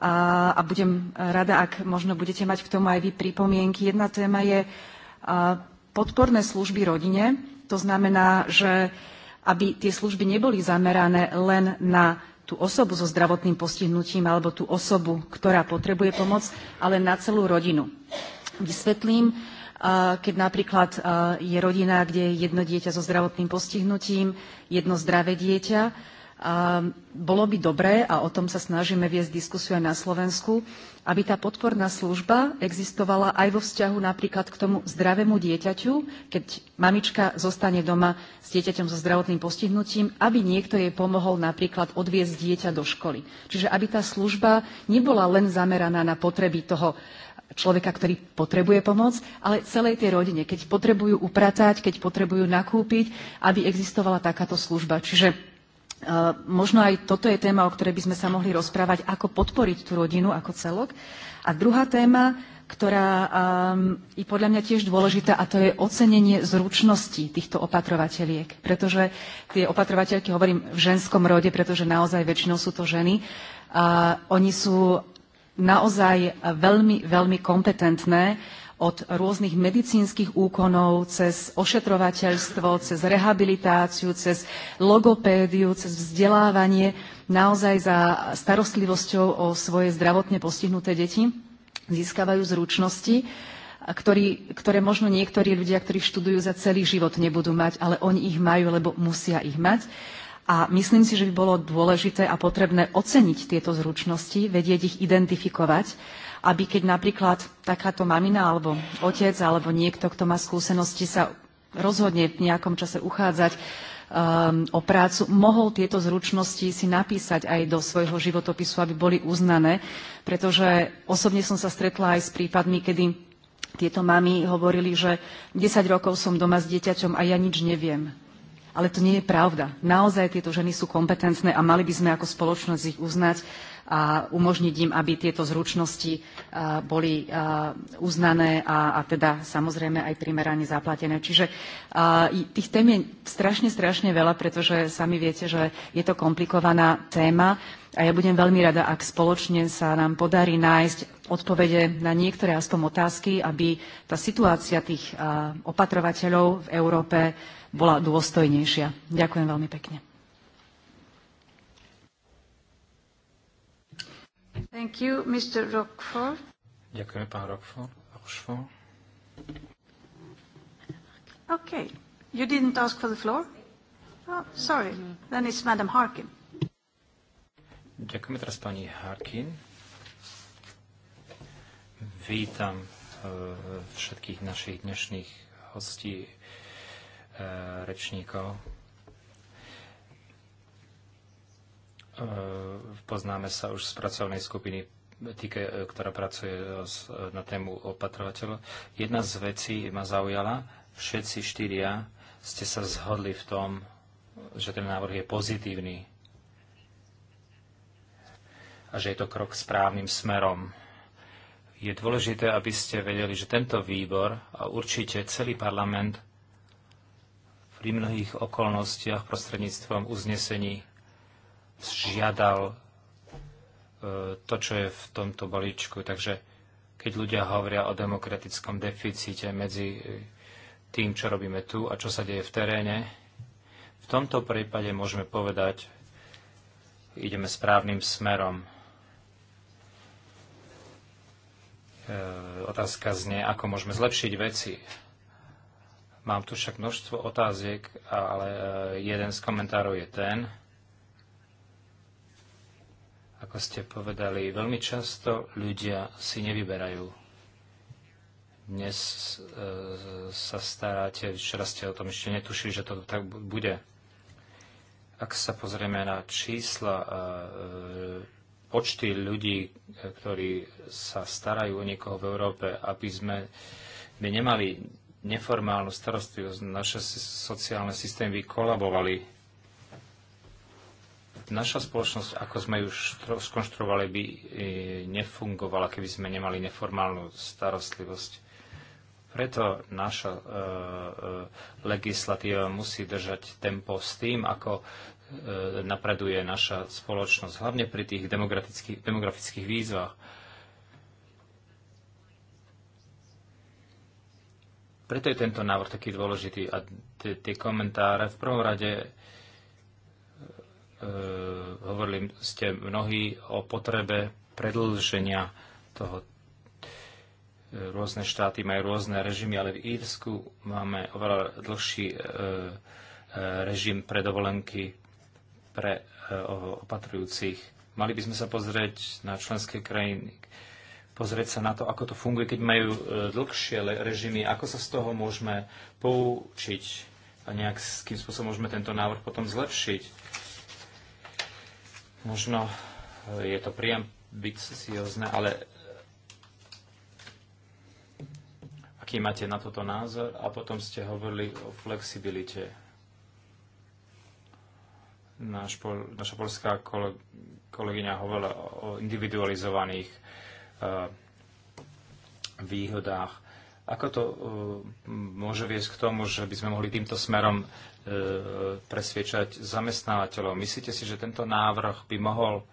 a, budem rada, ak možno budete mať k tomu aj vy pripomienky. Jedna téma je podporné služby rodine. To znamená, že aby tie služby neboli zamerané len na tú osobu so zdravotným postihnutím alebo tú osobu, ktorá potrebuje pomoc, ale na celú rodinu. Vysvetlím, keď napríklad je rodina, kde je jedno dieťa so zdravotným postihnutím, jedno zdravé dieťa, a ehm, bolo by dobré, a o tom sa snažíme viesť diskusiu aj na Slovensku, aby tá podporná služba existovala aj vo vzťahu napríklad k tomu zdravému dieťaťu, keď mamička zostane doma s dieťaťom so zdravotným postihnutím, aby niekto jej pomohol napríklad odviezť dieťa do školy. Čiže aby tá služba nebola len zameraná na potreby toho človeka, ktorý potrebuje pomoc, ale celej tej rodine, keď potrebujú upratať, keď potrebujú nakúpiť, aby existovala takáto služba. Čiže Eh, možno aj toto je téma, o ktorej by sme sa mohli rozprávať, ako podporiť tú rodinu ako celok. A druhá téma, ktorá um, je podľa mňa tiež dôležitá, a to je ocenenie zručnosti týchto opatrovateľiek. Pretože tie opatrovateľky, hovorím v ženskom rode, pretože naozaj väčšinou sú to ženy, oni sú naozaj veľmi, veľmi kompetentné od rôznych medicínskych úkonov, cez ošetrovateľstvo, cez rehabilitáciu, cez logopédiu, cez vzdelávanie naozaj za starostlivosťou o svoje zdravotne postihnuté deti získavajú zručnosti, ktorý, ktoré možno niektorí ľudia, ktorí študujú za celý život, nebudú mať, ale oni ich majú, lebo musia ich mať. A myslím si, že by bolo dôležité a potrebné oceniť tieto zručnosti, vedieť ich identifikovať aby keď napríklad takáto mamina alebo otec alebo niekto, kto má skúsenosti, sa rozhodne v nejakom čase uchádzať um, o prácu, mohol tieto zručnosti si napísať aj do svojho životopisu, aby boli uznané, pretože osobne som sa stretla aj s prípadmi, kedy tieto mamy hovorili, že 10 rokov som doma s dieťaťom a ja nič neviem. Ale to nie je pravda. Naozaj tieto ženy sú kompetentné a mali by sme ako spoločnosť ich uznať a umožniť im, aby tieto zručnosti boli uznané a, a teda samozrejme aj primerane zaplatené. Čiže tých tém je strašne, strašne veľa, pretože sami viete, že je to komplikovaná téma. A ja budem veľmi rada, ak spoločne sa nám podarí nájsť odpovede na niektoré aspoň otázky, aby tá situácia tých opatrovateľov v Európe bola dôstojnejšia. Ďakujem veľmi pekne. Thank you, Mr. Rockford. Ďakujeme, pán Rockford. Rochefort. Okay. You didn't ask for the floor? Oh, sorry. Then it's Madam Harkin. Ďakujeme teraz pani Harkin. Vítam eh, všetkých našich dnešných hostí, eh, rečníkov. Ehm, poznáme sa už z pracovnej skupiny, týke, e, ktorá pracuje e, e, na tému opatrovateľov. Jedna z vecí ma zaujala, všetci štyria ste sa zhodli v tom, že ten návrh je pozitívny a že je to krok správnym smerom. Je dôležité, aby ste vedeli, že tento výbor a určite celý parlament pri mnohých okolnostiach prostredníctvom uznesení žiadal e, to, čo je v tomto balíčku. Takže keď ľudia hovoria o demokratickom deficite medzi e, tým, čo robíme tu a čo sa deje v teréne, v tomto prípade môžeme povedať, ideme správnym smerom. E, otázka znie, ako môžeme zlepšiť veci. Mám tu však množstvo otáziek, ale jeden z komentárov je ten, ako ste povedali, veľmi často ľudia si nevyberajú. Dnes e, sa staráte, včera ste o tom ešte netušili, že to tak bude. Ak sa pozrieme na čísla, e, e počty ľudí, e, ktorí sa starajú o niekoho v Európe, aby sme by nemali neformálnu starostlivosť, naše sociálne systémy by kolabovali naša spoločnosť, ako sme ju skonštruovali, by e, nefungovala, keby sme nemali neformálnu starostlivosť. Preto naša e, e, legislatíva musí držať tempo s tým, ako e, napreduje naša spoločnosť, hlavne pri tých demografických výzvach. Preto je tento návrh taký dôležitý a tie komentáre v prvom rade Eh, hovorili ste mnohí o potrebe predlženia toho. Eh, rôzne štáty majú rôzne režimy, ale v Írsku máme oveľa dlhší eh, režim pre dovolenky pre opatrujúcich. Mali by sme sa pozrieť na členské krajiny, pozrieť sa na to, ako to funguje, keď majú dlhšie režimy, ako sa z toho môžeme poučiť a nejakým spôsobom môžeme tento návrh potom zlepšiť Možno eh, je to priam siozne, ale eh, aký máte na toto názor? A potom ste hovorili o flexibilite. Naš pol, naša polská kolegyňa hovorila o individualizovaných uh, výhodách. Ako to e, môže viesť k tomu, že by sme mohli týmto smerom e, presviečať zamestnávateľov? Myslíte si, že tento návrh by mohol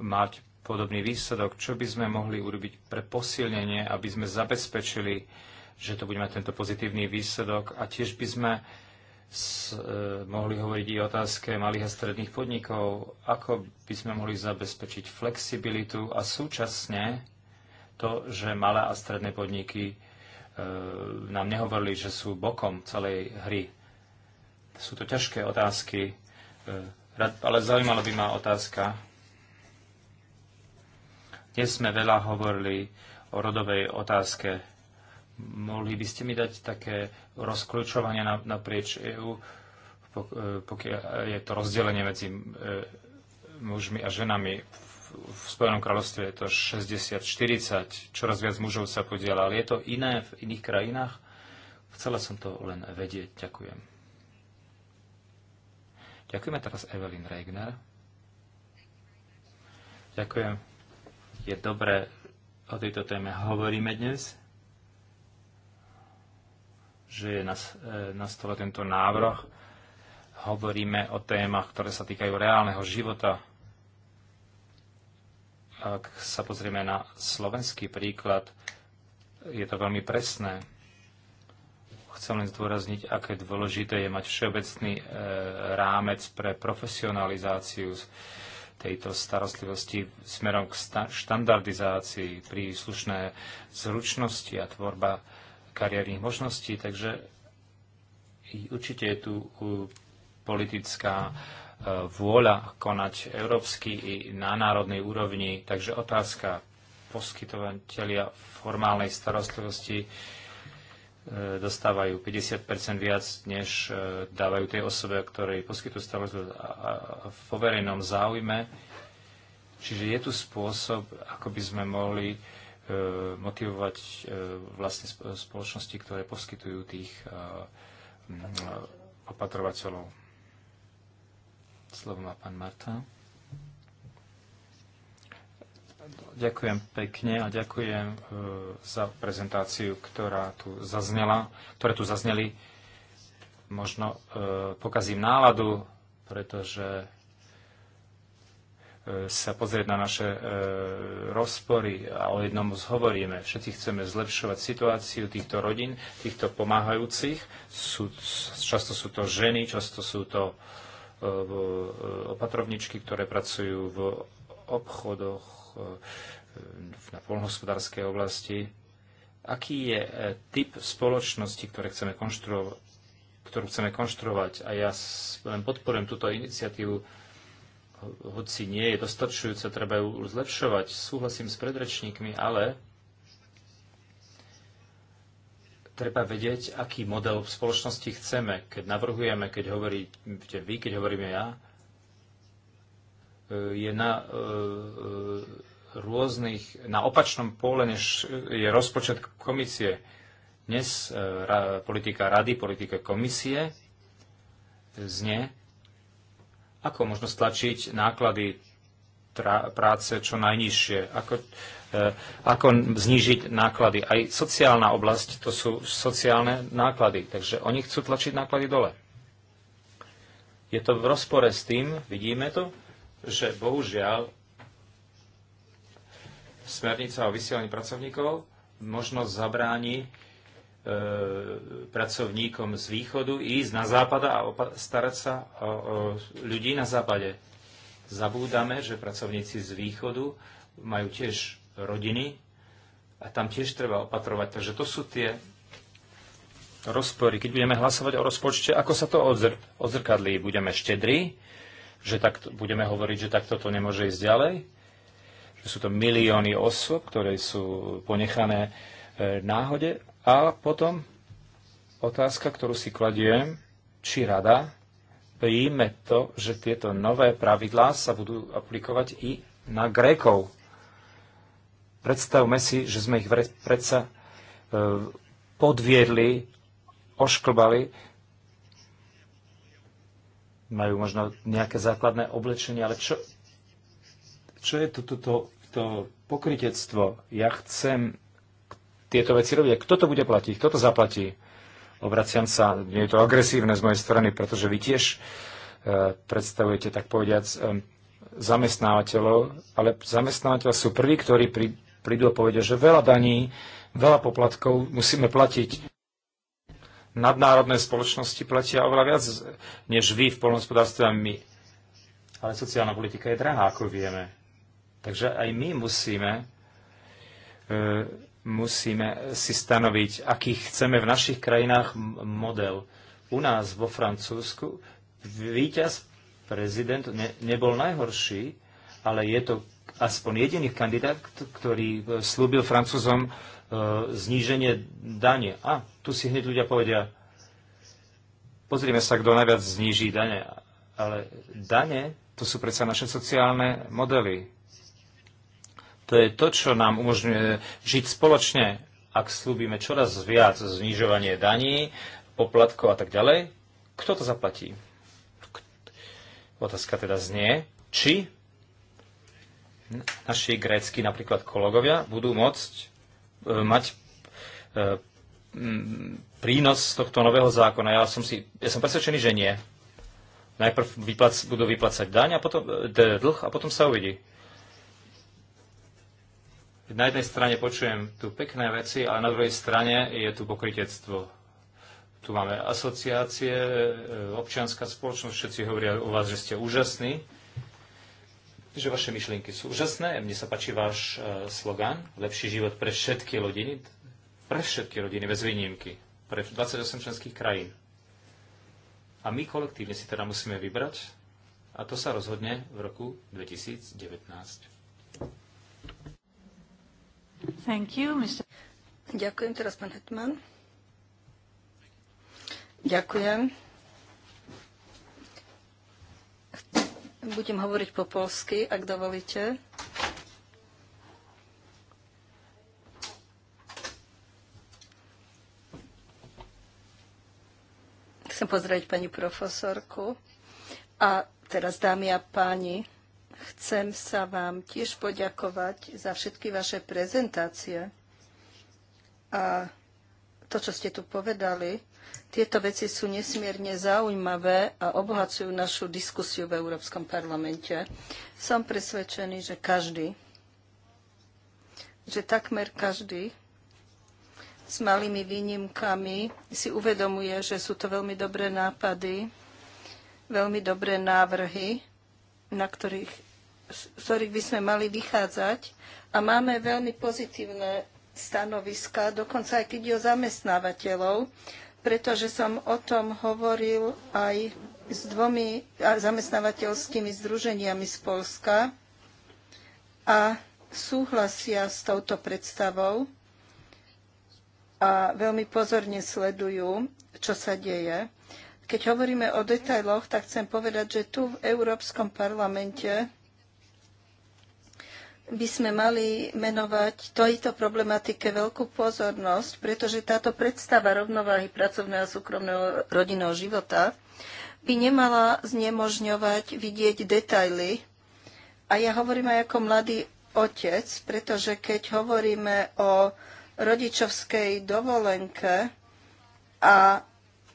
mať podobný výsledok? Čo by sme mohli urobiť pre posilnenie, aby sme zabezpečili, že to bude mať tento pozitívny výsledok? A tiež by sme s, uh, mohli hovoriť i o otázke malých a stredných podnikov, ako by sme mohli zabezpečiť flexibilitu a súčasne to, že malé a stredné podniky E, nám nehovorili, že sú bokom celej hry. Sú to ťažké otázky, e, ale zaujímala by ma otázka. Dnes sme veľa hovorili o rodovej otázke. Mohli by ste mi dať také rozklúčovanie naprieč EÚ, e, pokiaľ je to rozdelenie medzi mužmi a ženami v v Spojenom kráľovstve je to 60-40, čoraz viac mužov sa podiela, ale je to iné v iných krajinách. Chcela som to len vedieť. Ďakujem. Ďakujeme teraz Evelyn Regner. Ďakujem. Je dobré, o tejto téme hovoríme dnes, že je na, e, na stole tento návrh. Hovoríme o témach, ktoré sa týkajú reálneho života ak sa pozrieme na slovenský príklad, je to veľmi presné. Chcem len zdôrazniť, aké dôležité je mať všeobecný e, rámec pre profesionalizáciu tejto starostlivosti smerom k sta- štandardizácii, príslušné zručnosti a tvorba kariérnych možností. Takže určite je tu politická vôľa konať európsky i na národnej úrovni. Takže otázka poskytovateľia formálnej starostlivosti e, dostávajú 50 viac, než e, dávajú tej osobe, ktorej poskytujú starostlivosť v verejnom záujme. Čiže je tu spôsob, ako by sme mohli e, motivovať vlastne spoločnosti, ktoré poskytujú tých opatrovateľov. Slovo má pán Marta. Ďakujem pekne a ďakujem e, za prezentáciu, ktorá tu zaznela, ktoré tu zazneli. Možno e, pokazím náladu, pretože e, sa pozrieť na naše rozpory a o jednom zhovoríme. Všetci chceme zlepšovať situáciu týchto rodín, týchto pomáhajúcich. Sú, často sú to ženy, často sú to uh, E, opatrovničky, ktoré pracujú v obchodoch e, na polnohospodárskej oblasti. Aký je e, typ spoločnosti, ktoré chceme ktorú chceme konštruovať? A ja len podporujem túto iniciatívu, hoci nie je dostačujúce, treba ju zlepšovať. Súhlasím s predrečníkmi, ale treba vedieť, aký model v spoločnosti chceme. Keď navrhujeme, keď hovoríte vy, keď hovoríme ja, e, je na e, e, rôznych, na opačnom pole, než je rozpočet komisie. Dnes ra, politika rady, politika komisie znie, ako možno stlačiť náklady tra, práce čo najnižšie, ako Eh, ako znížiť náklady. Aj sociálna oblasť, to sú sociálne náklady, takže oni chcú tlačiť náklady dole. Je to v rozpore s tým, vidíme to, že bohužiaľ smernica o vysielaní pracovníkov možno zabráni eh, pracovníkom z východu ísť na západa a starať sa o, ľudí na západe. Zabúdame, že pracovníci z východu majú tiež rodiny a tam tiež treba opatrovať. Takže to sú tie rozpory. Keď budeme hlasovať o rozpočte, ako sa to odzr- odzrkadlí? Budeme štedrí, že tak budeme hovoriť, že takto to nemôže ísť ďalej? Že sú to milióny osôb, ktoré sú ponechané e, náhode. A potom otázka, ktorú si kladiem, či rada príjme to, že tieto nové pravidlá sa budú aplikovať i na Grékov Predstavme si, že sme ich predsa e, podviedli, ošklbali. Majú možno nejaké základné oblečenie, ale čo, čo je to, to, to, to pokritectvo? Ja chcem tieto veci robiť. Kto to bude platiť? Kto to zaplatí? Obraciam sa, nie je to agresívne z mojej strany, pretože vy tiež e, predstavujete, tak povediac, e, zamestnávateľov, ale zamestnávateľ sú prví, ktorí pri, prídu a povedia, že veľa daní, veľa poplatkov musíme platiť. Nadnárodné spoločnosti platia oveľa viac než vy v polnospodárstve a my. Ale sociálna politika je drahá, ako vieme. Takže aj my musíme, e, musíme si stanoviť, aký chceme v našich krajinách model. U nás vo Francúzsku víťaz prezident ne, nebol najhorší, ale je to aspoň jediný kandidát, ktorý e, slúbil Francúzom e, zníženie dane. A tu si hneď ľudia povedia, pozrieme sa, kto najviac zníži dane. Ale dane, to sú predsa naše sociálne modely. To je to, čo nám umožňuje žiť spoločne, ak slúbime čoraz viac znižovanie daní, poplatkov a tak ďalej. Kto to zaplatí? Otázka teda znie, či naši grécky napríklad kolegovia budú môcť e, mať e, prínos z tohto nového zákona. Ja som, si, ja som presvedčený, že nie. Najprv vyplac, budú vyplácať daň a potom e, dlh a potom sa uvidí. Na jednej strane počujem tu pekné veci ale na druhej strane je tu pokritectvo. Tu máme asociácie, občianská spoločnosť, všetci hovoria o vás, že ste úžasní že vaše myšlienky sú úžasné. Mne sa páči váš uh, slogan Lepší život pre všetky rodiny. Pre všetky rodiny, bez výnimky. Pre 28 členských krajín. A my kolektívne si teda musíme vybrať. A to sa rozhodne v roku 2019. Thank you, Mr. Ďakujem teraz, pán Hetman. Ďakujem. Budem hovoriť po polsky, ak dovolíte. Chcem pozdraviť pani profesorku. A teraz, dámy a páni, chcem sa vám tiež poďakovať za všetky vaše prezentácie a to, čo ste tu povedali tieto veci sú nesmierne zaujímavé a obohacujú našu diskusiu v Európskom parlamente. Som presvedčený, že každý, že takmer každý s malými výnimkami si uvedomuje, že sú to veľmi dobré nápady, veľmi dobré návrhy, na ktorých, z ktorých by sme mali vychádzať. A máme veľmi pozitívne stanoviska, dokonca aj keď je o zamestnávateľov, pretože som o tom hovoril aj s dvomi zamestnávateľskými združeniami z Polska a súhlasia s touto predstavou a veľmi pozorne sledujú, čo sa deje. Keď hovoríme o detailoch, tak chcem povedať, že tu v Európskom parlamente by sme mali menovať tejto problematike veľkú pozornosť, pretože táto predstava rovnováhy pracovného a súkromného rodinného života by nemala znemožňovať vidieť detaily. A ja hovorím aj ako mladý otec, pretože keď hovoríme o rodičovskej dovolenke a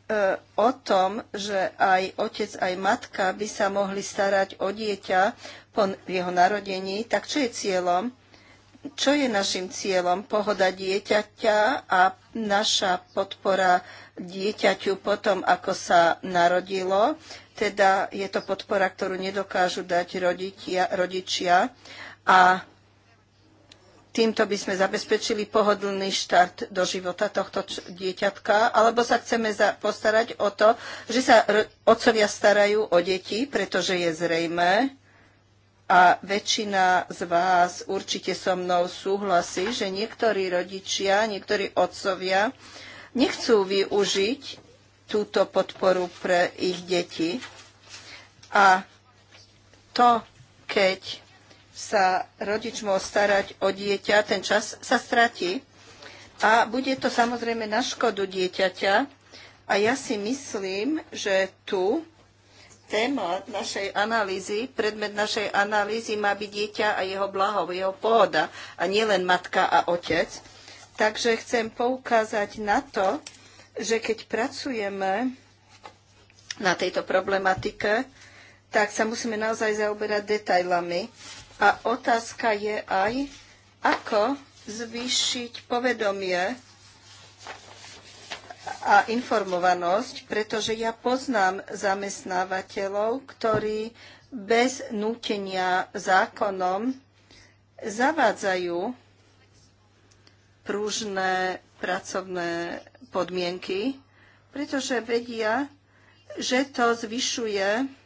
E, o tom, že aj otec, aj matka by sa mohli starať o dieťa po jeho narodení, tak čo je cieľom? Čo je našim cieľom? Pohoda dieťaťa a naša podpora dieťaťu potom, ako sa narodilo. Teda je to podpora, ktorú nedokážu dať rodičia, rodičia a Týmto by sme zabezpečili pohodlný štart do života tohto dieťatka, alebo sa chceme postarať o to, že sa otcovia starajú o deti, pretože je zrejme, a väčšina z vás určite so mnou súhlasí, že niektorí rodičia, niektorí otcovia nechcú využiť túto podporu pre ich deti. A to, keď sa rodič môže starať o dieťa, ten čas sa stratí. A bude to samozrejme na škodu dieťaťa. A ja si myslím, že tu téma našej analýzy, predmet našej analýzy má byť dieťa a jeho blaho, jeho pohoda a nielen matka a otec. Takže chcem poukázať na to, že keď pracujeme na tejto problematike, tak sa musíme naozaj zaoberať detailami. A otázka je aj, ako zvýšiť povedomie a informovanosť, pretože ja poznám zamestnávateľov, ktorí bez nútenia zákonom zavádzajú prúžne pracovné podmienky, pretože vedia, že to zvyšuje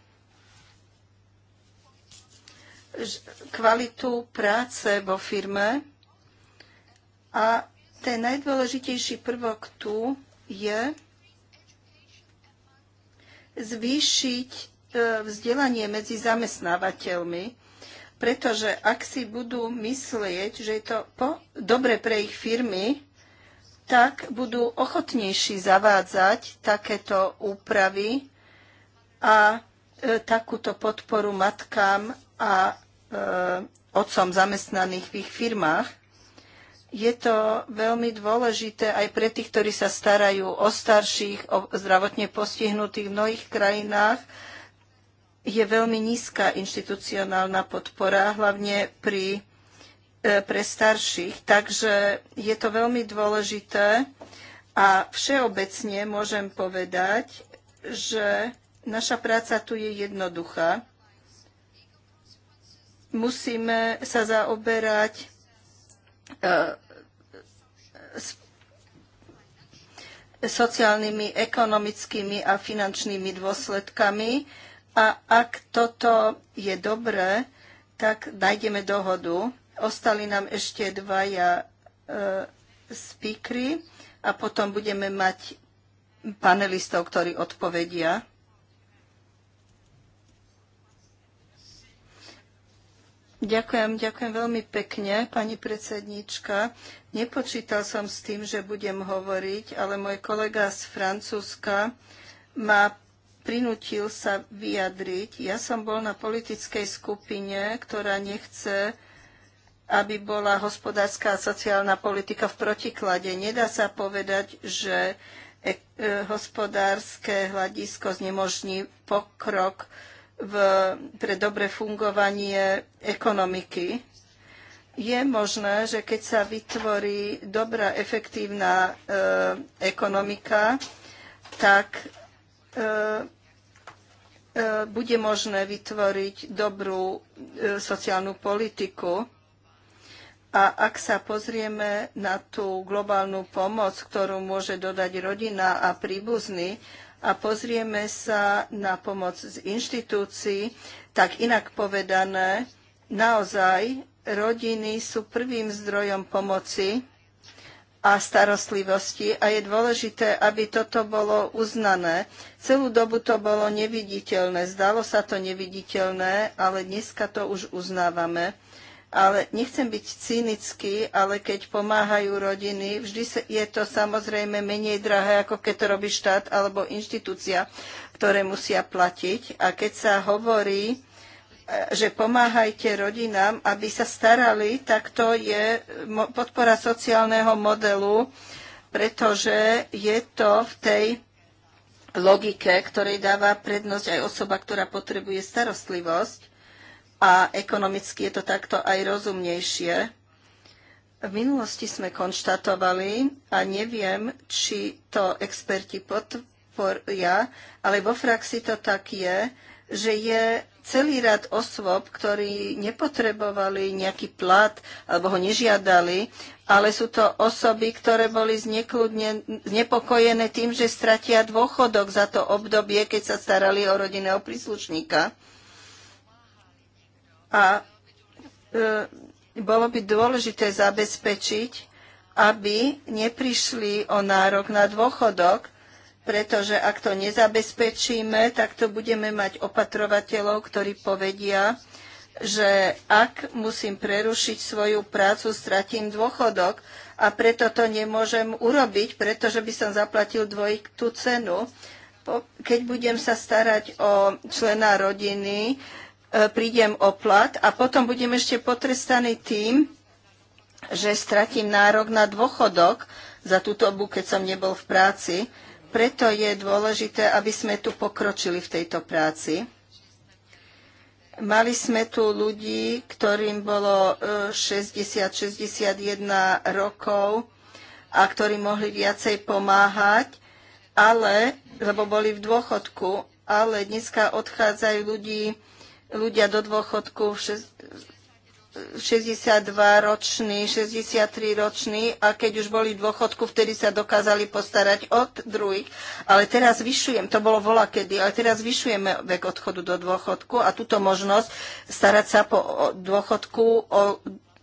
kvalitu práce vo firme. A ten najdôležitejší prvok tu je zvýšiť e, vzdelanie medzi zamestnávateľmi, pretože ak si budú myslieť, že je to po, dobre pre ich firmy, tak budú ochotnejší zavádzať takéto úpravy a e, takúto podporu matkám a Eh, otcom zamestnaných v ich firmách. Je to veľmi dôležité aj pre tých, ktorí sa starajú o starších, o zdravotne postihnutých v mnohých krajinách. Je veľmi nízka inštitucionálna podpora, hlavne pri, eh, pre starších. Takže je to veľmi dôležité a všeobecne môžem povedať, že naša práca tu je jednoduchá musíme sa zaoberať e, sociálnymi, ekonomickými a finančnými dôsledkami. A ak toto je dobré, tak nájdeme dohodu. Ostali nám ešte dvaja e, speakery a potom budeme mať panelistov, ktorí odpovedia. Ďakujem, ďakujem veľmi pekne, pani predsednička. Nepočítal som s tým, že budem hovoriť, ale môj kolega z Francúzska ma prinútil sa vyjadriť. Ja som bol na politickej skupine, ktorá nechce, aby bola hospodárska a sociálna politika v protiklade. Nedá sa povedať, že eh, hospodárske hľadisko znemožní pokrok v, pre dobre fungovanie ekonomiky. Je možné, že keď sa vytvorí dobrá, efektívna e, ekonomika, tak e, e, bude možné vytvoriť dobrú e, sociálnu politiku. A ak sa pozrieme na tú globálnu pomoc, ktorú môže dodať rodina a príbuzný, a pozrieme sa na pomoc z inštitúcií, tak inak povedané, naozaj rodiny sú prvým zdrojom pomoci a starostlivosti a je dôležité, aby toto bolo uznané. Celú dobu to bolo neviditeľné, zdalo sa to neviditeľné, ale dneska to už uznávame ale nechcem byť cynický, ale keď pomáhajú rodiny, vždy je to samozrejme menej drahé, ako keď to robí štát alebo inštitúcia, ktoré musia platiť. A keď sa hovorí, e, že pomáhajte rodinám, aby sa starali, tak to je e, podpora sociálneho modelu, pretože je to v tej logike, ktorej dáva prednosť aj osoba, ktorá potrebuje starostlivosť a ekonomicky je to takto aj rozumnejšie. V minulosti sme konštatovali, a neviem, či to experti podporia, ale vo fraxi to tak je, že je celý rad osôb, ktorí nepotrebovali nejaký plat alebo ho nežiadali, ale sú to osoby, ktoré boli znepokojené tým, že stratia dôchodok za to obdobie, keď sa starali o rodinného príslušníka. A e, bolo by dôležité zabezpečiť, aby neprišli o nárok na dôchodok, pretože ak to nezabezpečíme, tak to budeme mať opatrovateľov, ktorí povedia, že ak musím prerušiť svoju prácu, stratím dôchodok a preto to nemôžem urobiť, pretože by som zaplatil dvojitú cenu. Keď budem sa starať o člena rodiny, E, prídem o plat a potom budem ešte potrestaný tým, že stratím nárok na dôchodok za túto obu, keď som nebol v práci. Preto je dôležité, aby sme tu pokročili v tejto práci. Mali sme tu ľudí, ktorým bolo 60-61 e, rokov a ktorí mohli viacej pomáhať, ale, lebo boli v dôchodku, ale dneska odchádzajú ľudí ľudia do dôchodku 62-roční, 63-roční a keď už boli v dôchodku, vtedy sa dokázali postarať od druhých. Ale teraz zvyšujem, to bolo vola kedy, ale teraz zvyšujeme vek odchodu do dôchodku a túto možnosť starať sa po dôchodku o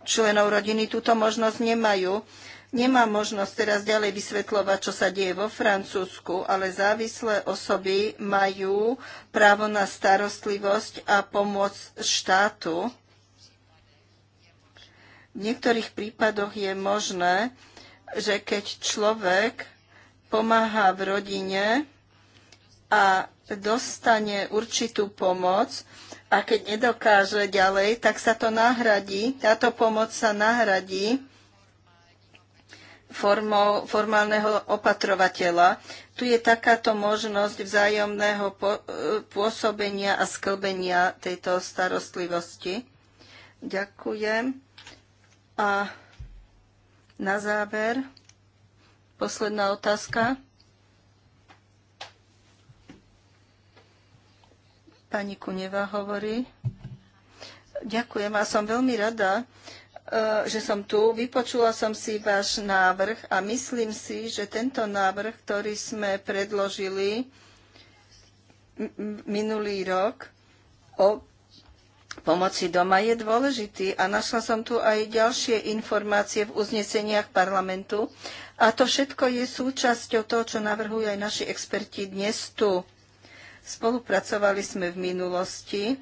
členov rodiny, túto možnosť nemajú. Nemám možnosť teraz ďalej vysvetľovať, čo sa deje vo Francúzsku, ale závislé osoby majú právo na starostlivosť a pomoc štátu. V niektorých prípadoch je možné, že keď človek pomáha v rodine a dostane určitú pomoc, a keď nedokáže ďalej, tak sa to nahradí, táto pomoc sa nahradí formou, formálneho opatrovateľa. Tu je takáto možnosť vzájomného e, pôsobenia a sklbenia tejto starostlivosti. Ďakujem. A na záver, posledná otázka. Pani Kuneva hovorí. Ďakujem a som veľmi rada, Eh, že som tu. Vypočula som si váš návrh a myslím si, že tento návrh, ktorý sme predložili minulý rok o pomoci doma, je dôležitý. A našla som tu aj ďalšie informácie v uzneseniach parlamentu. A to všetko je súčasťou toho, čo navrhujú aj naši experti dnes tu. Spolupracovali sme v minulosti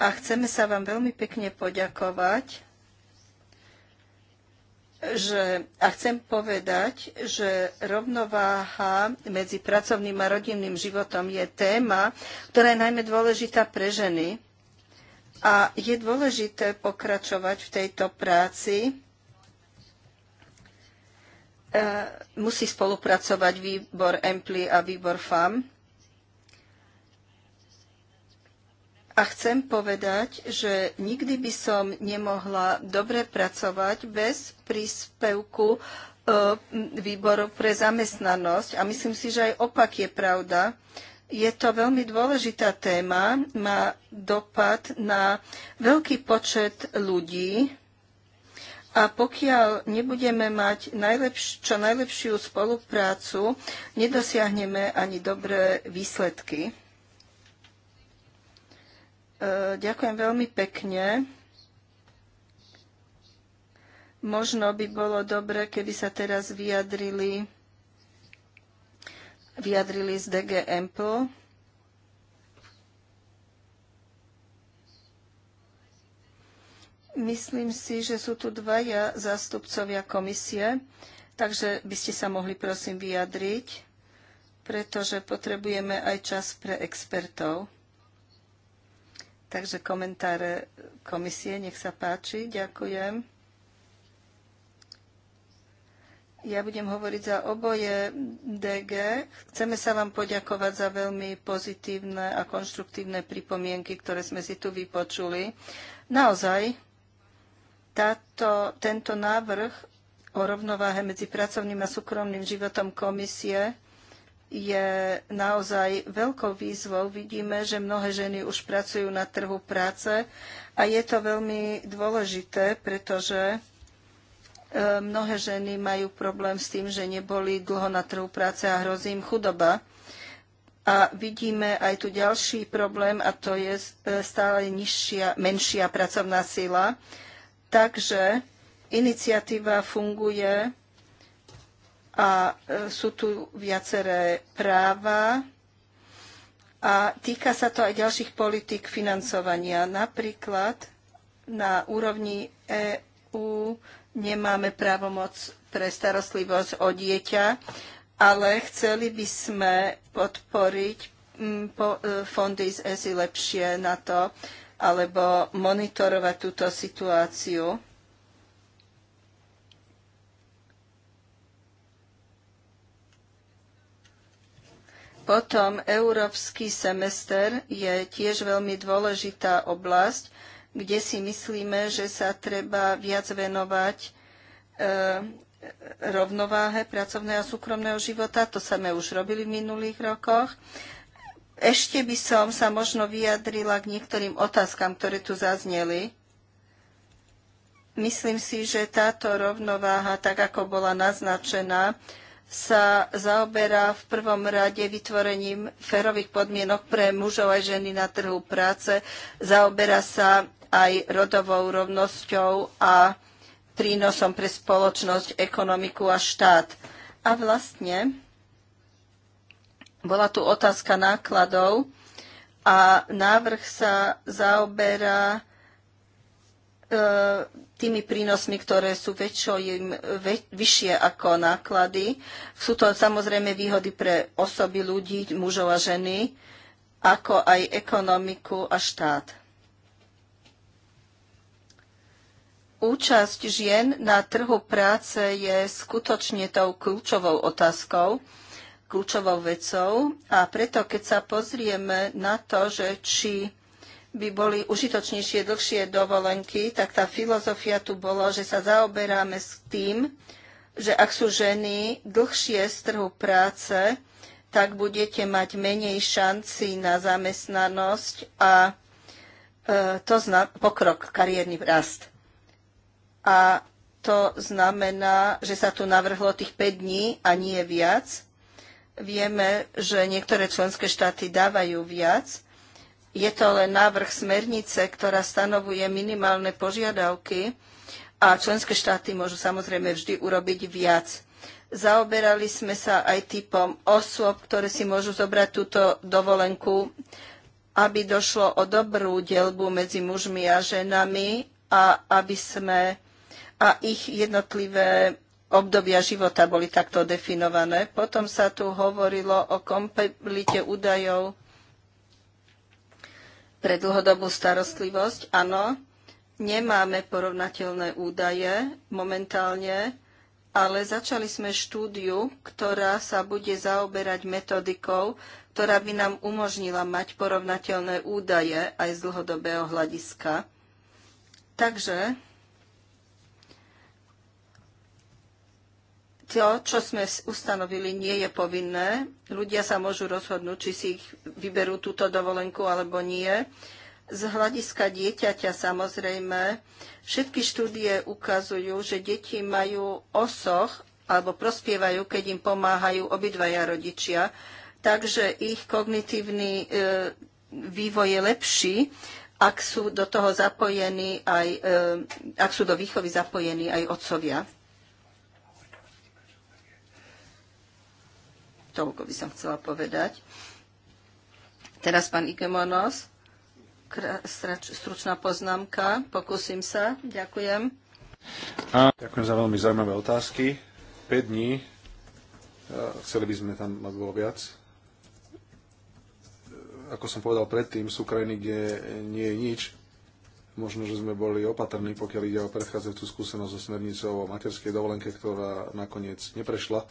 a chceme sa vám veľmi pekne poďakovať že, a chcem povedať, že rovnováha medzi pracovným a rodinným životom je téma, ktorá je najmä dôležitá pre ženy. A je dôležité pokračovať v tejto práci. E, musí spolupracovať výbor EMPLY a výbor FAM A chcem povedať, že nikdy by som nemohla dobre pracovať bez príspevku e, výboru pre zamestnanosť. A myslím si, že aj opak je pravda. Je to veľmi dôležitá téma, má dopad na veľký počet ľudí, a pokiaľ nebudeme mať najlepš- čo najlepšiu spoluprácu, nedosiahneme ani dobré výsledky. E, ďakujem veľmi pekne. Možno by bolo dobre, keby sa teraz vyjadrili, vyjadrili z DG Ample. Myslím si, že sú tu dvaja zástupcovia komisie, takže by ste sa mohli prosím vyjadriť, pretože potrebujeme aj čas pre expertov. Takže komentáre komisie, nech sa páči. Ďakujem. Ja budem hovoriť za oboje DG. Chceme sa vám poďakovať za veľmi pozitívne a konštruktívne pripomienky, ktoré sme si tu vypočuli. Naozaj, táto, tento návrh o rovnováhe medzi pracovným a súkromným životom komisie je naozaj veľkou výzvou. Vidíme, že mnohé ženy už pracujú na trhu práce a je to veľmi dôležité, pretože e, mnohé ženy majú problém s tým, že neboli dlho na trhu práce a hrozí im chudoba. A vidíme aj tu ďalší problém a to je e, stále nižšia, menšia pracovná sila. Takže iniciatíva funguje a e, sú tu viaceré práva a týka sa to aj ďalších politik financovania. Napríklad na úrovni EÚ nemáme právomoc pre starostlivosť o dieťa, ale chceli by sme podporiť e, fondy z ESI lepšie na to, alebo monitorovať túto situáciu. Potom európsky semester je tiež veľmi dôležitá oblasť, kde si myslíme, že sa treba viac venovať e, rovnováhe pracovného a súkromného života. To sme už robili v minulých rokoch. Ešte by som sa možno vyjadrila k niektorým otázkam, ktoré tu zazneli. Myslím si, že táto rovnováha, tak ako bola naznačená, sa zaoberá v prvom rade vytvorením férových podmienok pre mužov a ženy na trhu práce. Zaoberá sa aj rodovou rovnosťou a prínosom pre spoločnosť, ekonomiku a štát. A vlastne bola tu otázka nákladov a návrh sa zaoberá E, tými prínosmi, ktoré sú ve, vyššie ako náklady. Sú to samozrejme výhody pre osoby, ľudí, mužov a ženy, ako aj ekonomiku a štát. Účasť žien na trhu práce je skutočne tou kľúčovou otázkou, kľúčovou vecou a preto, keď sa pozrieme na to, že či by boli užitočnejšie dlhšie dovolenky, tak tá filozofia tu bolo, že sa zaoberáme s tým, že ak sú ženy dlhšie z trhu práce, tak budete mať menej šanci na zamestnanosť a e, to zna- pokrok, kariérny rast. A to znamená, že sa tu navrhlo tých 5 dní a nie viac. Vieme, že niektoré členské štáty dávajú viac, je to len návrh smernice, ktorá stanovuje minimálne požiadavky a členské štáty môžu samozrejme vždy urobiť viac. Zaoberali sme sa aj typom osôb, ktoré si môžu zobrať túto dovolenku, aby došlo o dobrú delbu medzi mužmi a ženami a aby sme a ich jednotlivé obdobia života boli takto definované. Potom sa tu hovorilo o kompilite údajov pre dlhodobú starostlivosť. Áno, nemáme porovnateľné údaje momentálne, ale začali sme štúdiu, ktorá sa bude zaoberať metodikou, ktorá by nám umožnila mať porovnateľné údaje aj z dlhodobého hľadiska. Takže to, čo sme ustanovili, nie je povinné. Ľudia sa môžu rozhodnúť, či si ich vyberú túto dovolenku alebo nie. Z hľadiska dieťaťa samozrejme, všetky štúdie ukazujú, že deti majú osoch alebo prospievajú, keď im pomáhajú obidvaja rodičia. Takže ich kognitívny e, vývoj je lepší, ak sú do toho zapojení aj, e, ak sú do výchovy zapojení aj otcovia. Toľko by som chcela povedať. Teraz pán Ikemonos. Stručná poznámka. Pokúsim sa. Ďakujem. A... Ďakujem za veľmi zaujímavé otázky. 5 dní. E, chceli by sme tam mať bolo viac. E, ako som povedal predtým, sú krajiny, kde nie je nič. Možno, že sme boli opatrní, pokiaľ ide o predchádzajúcu skúsenosť so smernicou o materskej dovolenke, ktorá nakoniec neprešla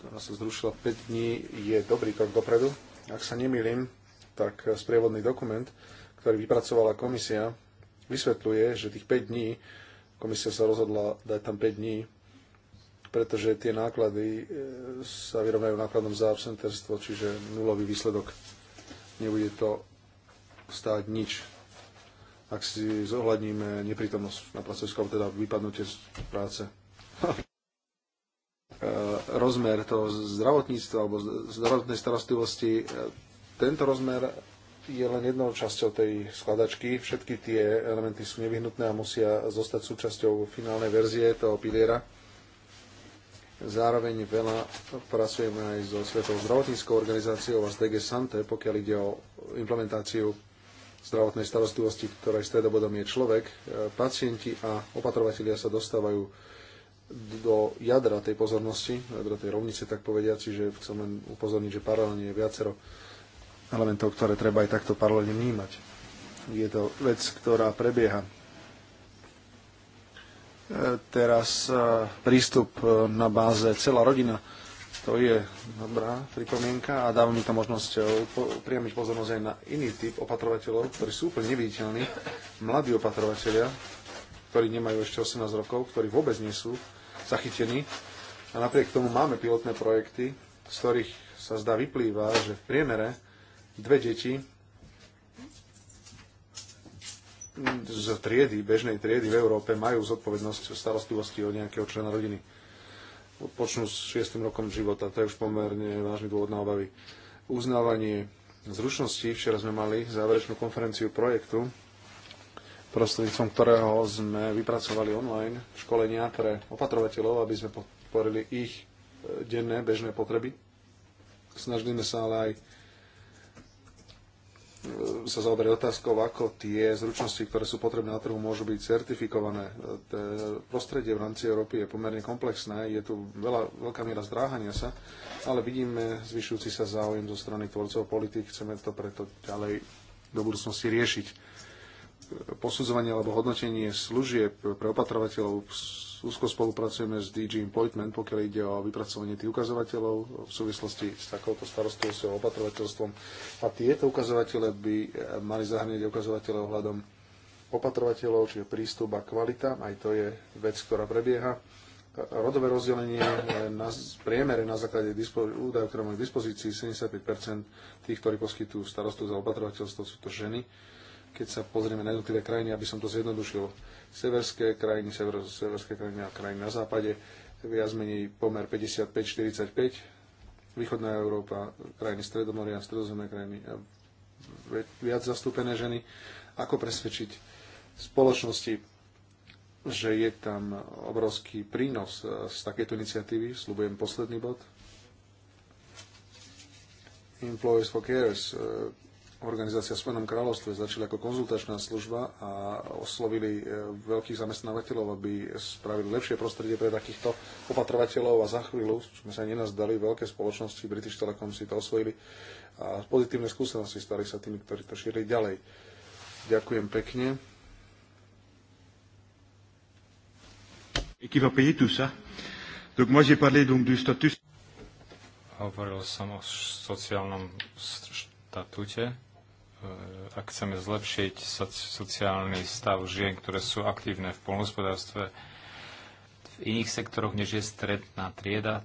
ktorá sa zrušila 5 dní, je dobrý krok dopredu. Ak sa nemýlim, tak sprievodný dokument, ktorý vypracovala komisia, vysvetľuje, že tých 5 dní, komisia sa rozhodla dať tam 5 dní, pretože tie náklady e, sa vyrovnajú nákladom za absenterstvo, čiže nulový výsledok. Nebude to stáť nič, ak si zohľadníme neprítomnosť na pracovisku, teda vypadnutie z práce. E, rozmer toho zdravotníctva alebo zdravotnej starostlivosti, e, tento rozmer je len jednou časťou tej skladačky. Všetky tie elementy sú nevyhnutné a musia zostať súčasťou finálnej verzie toho piliera. Zároveň veľa pracujeme aj so Svetou zdravotníckou organizáciou a s DG Sante, pokiaľ ide o implementáciu zdravotnej starostlivosti, ktorej stredobodom je človek. E, pacienti a opatrovatelia sa dostávajú do jadra tej pozornosti, do tej rovnice, tak povediať, že chcem len upozorniť, že paralelne je viacero elementov, ktoré treba aj takto paralelne vnímať. Je to vec, ktorá prebieha. E, teraz e, prístup e, na báze celá rodina. To je dobrá pripomienka a dáva mi to možnosť priamiť pozornosť aj na iný typ opatrovateľov, ktorí sú úplne neviditeľní, mladí opatrovateľia, ktorí nemajú ešte 18 rokov, ktorí vôbec nie sú zachytení. A napriek tomu máme pilotné projekty, z ktorých sa zdá vyplýva, že v priemere dve deti z triedy, bežnej triedy v Európe majú zodpovednosť starostlivosti o nejakého člena rodiny. Počnú s 6. rokom života, to je už pomerne vážny dôvod na obavy. Uznávanie zručnosti, včera sme mali záverečnú konferenciu projektu prostredníctvom ktorého sme vypracovali online školenia pre opatrovateľov, aby sme podporili ich e, denné bežné potreby. Snažíme sa ale aj e, sa zaoberať otázkou, ako tie zručnosti, ktoré sú potrebné na trhu, môžu byť certifikované. E, prostredie v rámci Európy je pomerne komplexné, je tu veľa, veľká miera zdráhania sa, ale vidíme zvyšujúci sa záujem zo strany tvorcov politik, chceme to preto ďalej do budúcnosti riešiť posudzovanie alebo hodnotenie služieb pre opatrovateľov úzko spolupracujeme s DG Employment, pokiaľ ide o vypracovanie tých ukazovateľov v súvislosti s takouto starostou, s opatrovateľstvom. A tieto ukazovatele by eh, mali zahrniť ukazovatele ohľadom opatrovateľov, čiže prístup a kvalita, aj to je vec, ktorá prebieha. Rodové rozdelenie na priemere na základe údajov, ktoré máme k dispozícii, 75 tých, ktorí poskytujú starostu za opatrovateľstvo, sú to ženy keď sa pozrieme na jednotlivé krajiny, aby som to zjednodušil, severské krajiny, sever, severské krajiny a krajiny na západe, viac menej pomer 55-45, východná Európa, krajiny Stredomoria, stredozemné krajiny, a viac zastúpené ženy, ako presvedčiť spoločnosti, že je tam obrovský prínos e, z takéto iniciatívy, slubujem posledný bod. Employees for Cares, e, organizácia v Spojenom kráľovstve začali ako konzultačná služba a oslovili e, veľkých zamestnávateľov, aby spravili lepšie prostredie pre takýchto opatrovateľov a za chvíľu sme sa nenazdali, veľké spoločnosti, British Telecom si to osvojili a pozitívne skúsenosti stali sa tými, ktorí to šírili ďalej. Ďakujem pekne. Hovoril som o sociálnom štatúte. E, ak chceme zlepšiť sociálny stav žien, ktoré sú aktívne v polnospodárstve, v iných sektoroch, než je stredná trieda, e,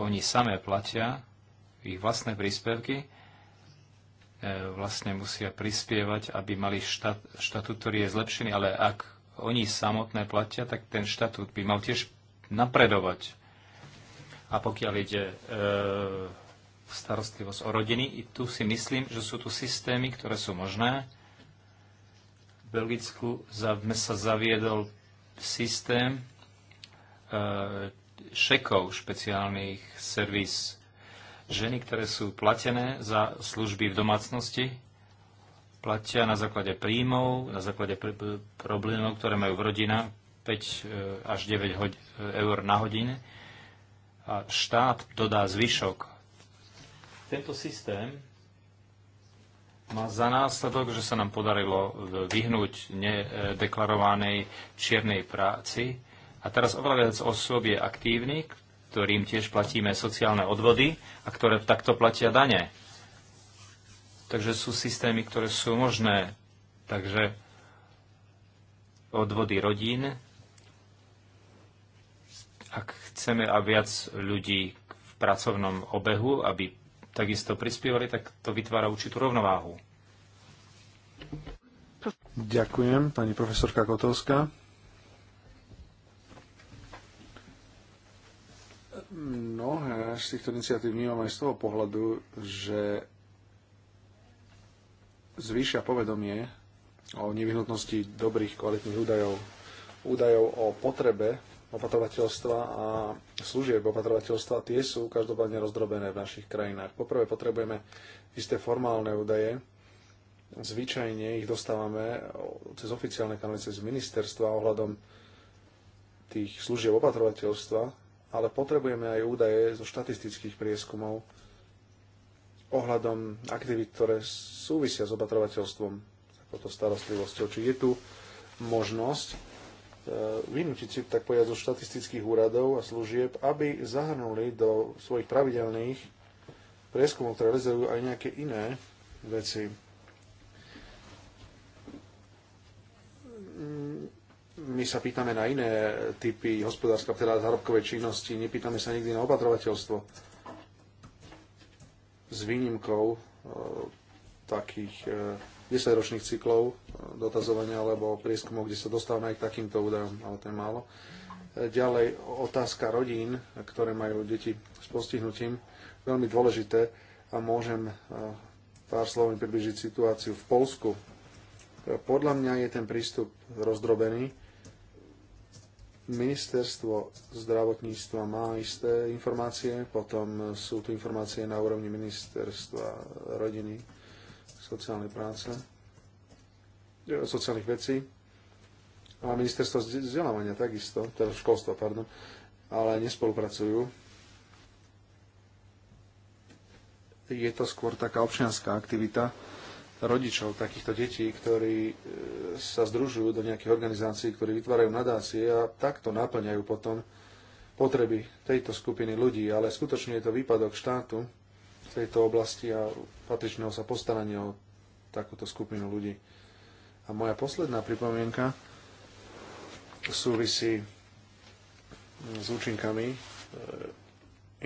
oni samé platia ich vlastné príspevky, e, vlastne musia prispievať, aby mali štat, štatút, ktorý je zlepšený, ale ak oni samotné platia, tak ten štatút by mal tiež napredovať. A pokiaľ ide e, starostlivosť o rodiny. I tu si myslím, že sú tu systémy, ktoré sú možné. V Belgicku sa zaviedol systém e, šekov špeciálnych servis. Ženy, ktoré sú platené za služby v domácnosti, platia na základe príjmov, na základe pr- problémov, ktoré majú v rodina, 5 e, až 9 e, eur na hodine a štát dodá zvyšok tento systém má za následok, že sa nám podarilo vyhnúť nedeklarovanej čiernej práci a teraz oveľa viac osôb je aktívnych, ktorým tiež platíme sociálne odvody a ktoré takto platia dane. Takže sú systémy, ktoré sú možné. Takže odvody rodín, ak chceme a viac ľudí v pracovnom obehu, aby takisto prispievali, tak to vytvára určitú rovnováhu. Ďakujem, pani profesorka Kotovská. ja z týchto iniciatív vnímam aj z toho pohľadu, že zvýšia povedomie o nevyhnutnosti dobrých, kvalitných údajov, údajov o potrebe opatrovateľstva a služieb opatrovateľstva, tie sú každopádne rozdrobené v našich krajinách. Poprvé potrebujeme isté formálne údaje, zvyčajne ich dostávame cez oficiálne kanály, cez ministerstva ohľadom tých služieb opatrovateľstva, ale potrebujeme aj údaje zo štatistických prieskumov ohľadom aktivít, ktoré súvisia s opatrovateľstvom, takouto starostlivosťou. Či je tu možnosť E, vynútiť si, tak povedať, zo štatistických úradov a služieb, aby zahrnuli do svojich pravidelných prieskumov, ktoré realizujú aj nejaké iné veci. Mm, my sa pýtame na iné typy hospodárska, teda zárobkovej činnosti, nepýtame sa nikdy na opatrovateľstvo. S výnimkou e, takých e, 10-ročných cyklov e, dotazovania alebo prieskumov, kde sa dostávame aj k takýmto údajom, ale to je málo. E, ďalej otázka rodín, ktoré majú deti s postihnutím, veľmi dôležité a môžem e, pár slovami približiť situáciu v Polsku. Podľa mňa je ten prístup rozdrobený. Ministerstvo zdravotníctva má isté informácie, potom sú tu informácie na úrovni ministerstva rodiny, sociálnej práce, e, sociálnych vecí a ministerstvo vzdelávania takisto, teda školstva, pardon, ale nespolupracujú. Je to skôr taká občianská aktivita rodičov takýchto detí, ktorí e, sa združujú do nejakých organizácií, ktorí vytvárajú nadácie a takto naplňajú potom potreby tejto skupiny ľudí, ale skutočne je to výpadok štátu, tejto oblasti a patričného sa postarania o takúto skupinu ľudí. A moja posledná pripomienka súvisí s účinkami eh,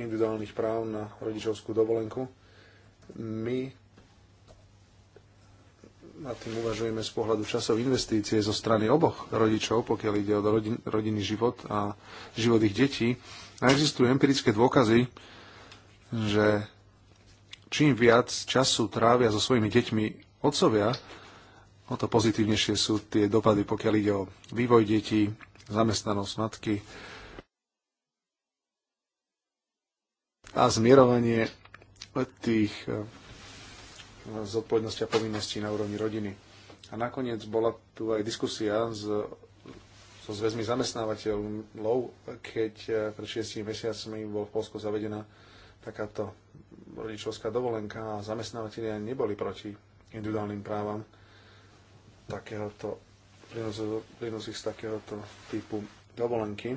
individuálnych práv na rodičovskú dovolenku. My nad tým uvažujeme z pohľadu časov investície zo strany oboch rodičov, pokiaľ ide o rodin, rodinný život a život ich detí. A existujú empirické dôkazy, že čím viac času trávia so svojimi deťmi otcovia, o to pozitívnejšie sú tie dopady, pokiaľ ide o vývoj detí, zamestnanosť matky a zmierovanie tých eh, zodpovedností a povinností na úrovni rodiny. A nakoniec bola tu aj diskusia s, so zväzmi zamestnávateľov, keď eh, pred 6 mesiacmi bol v Polsku zavedená takáto rodičovská dovolenka a zamestnávateľia neboli proti individuálnym právam takéhoto prínosy z takéhoto typu dovolenky.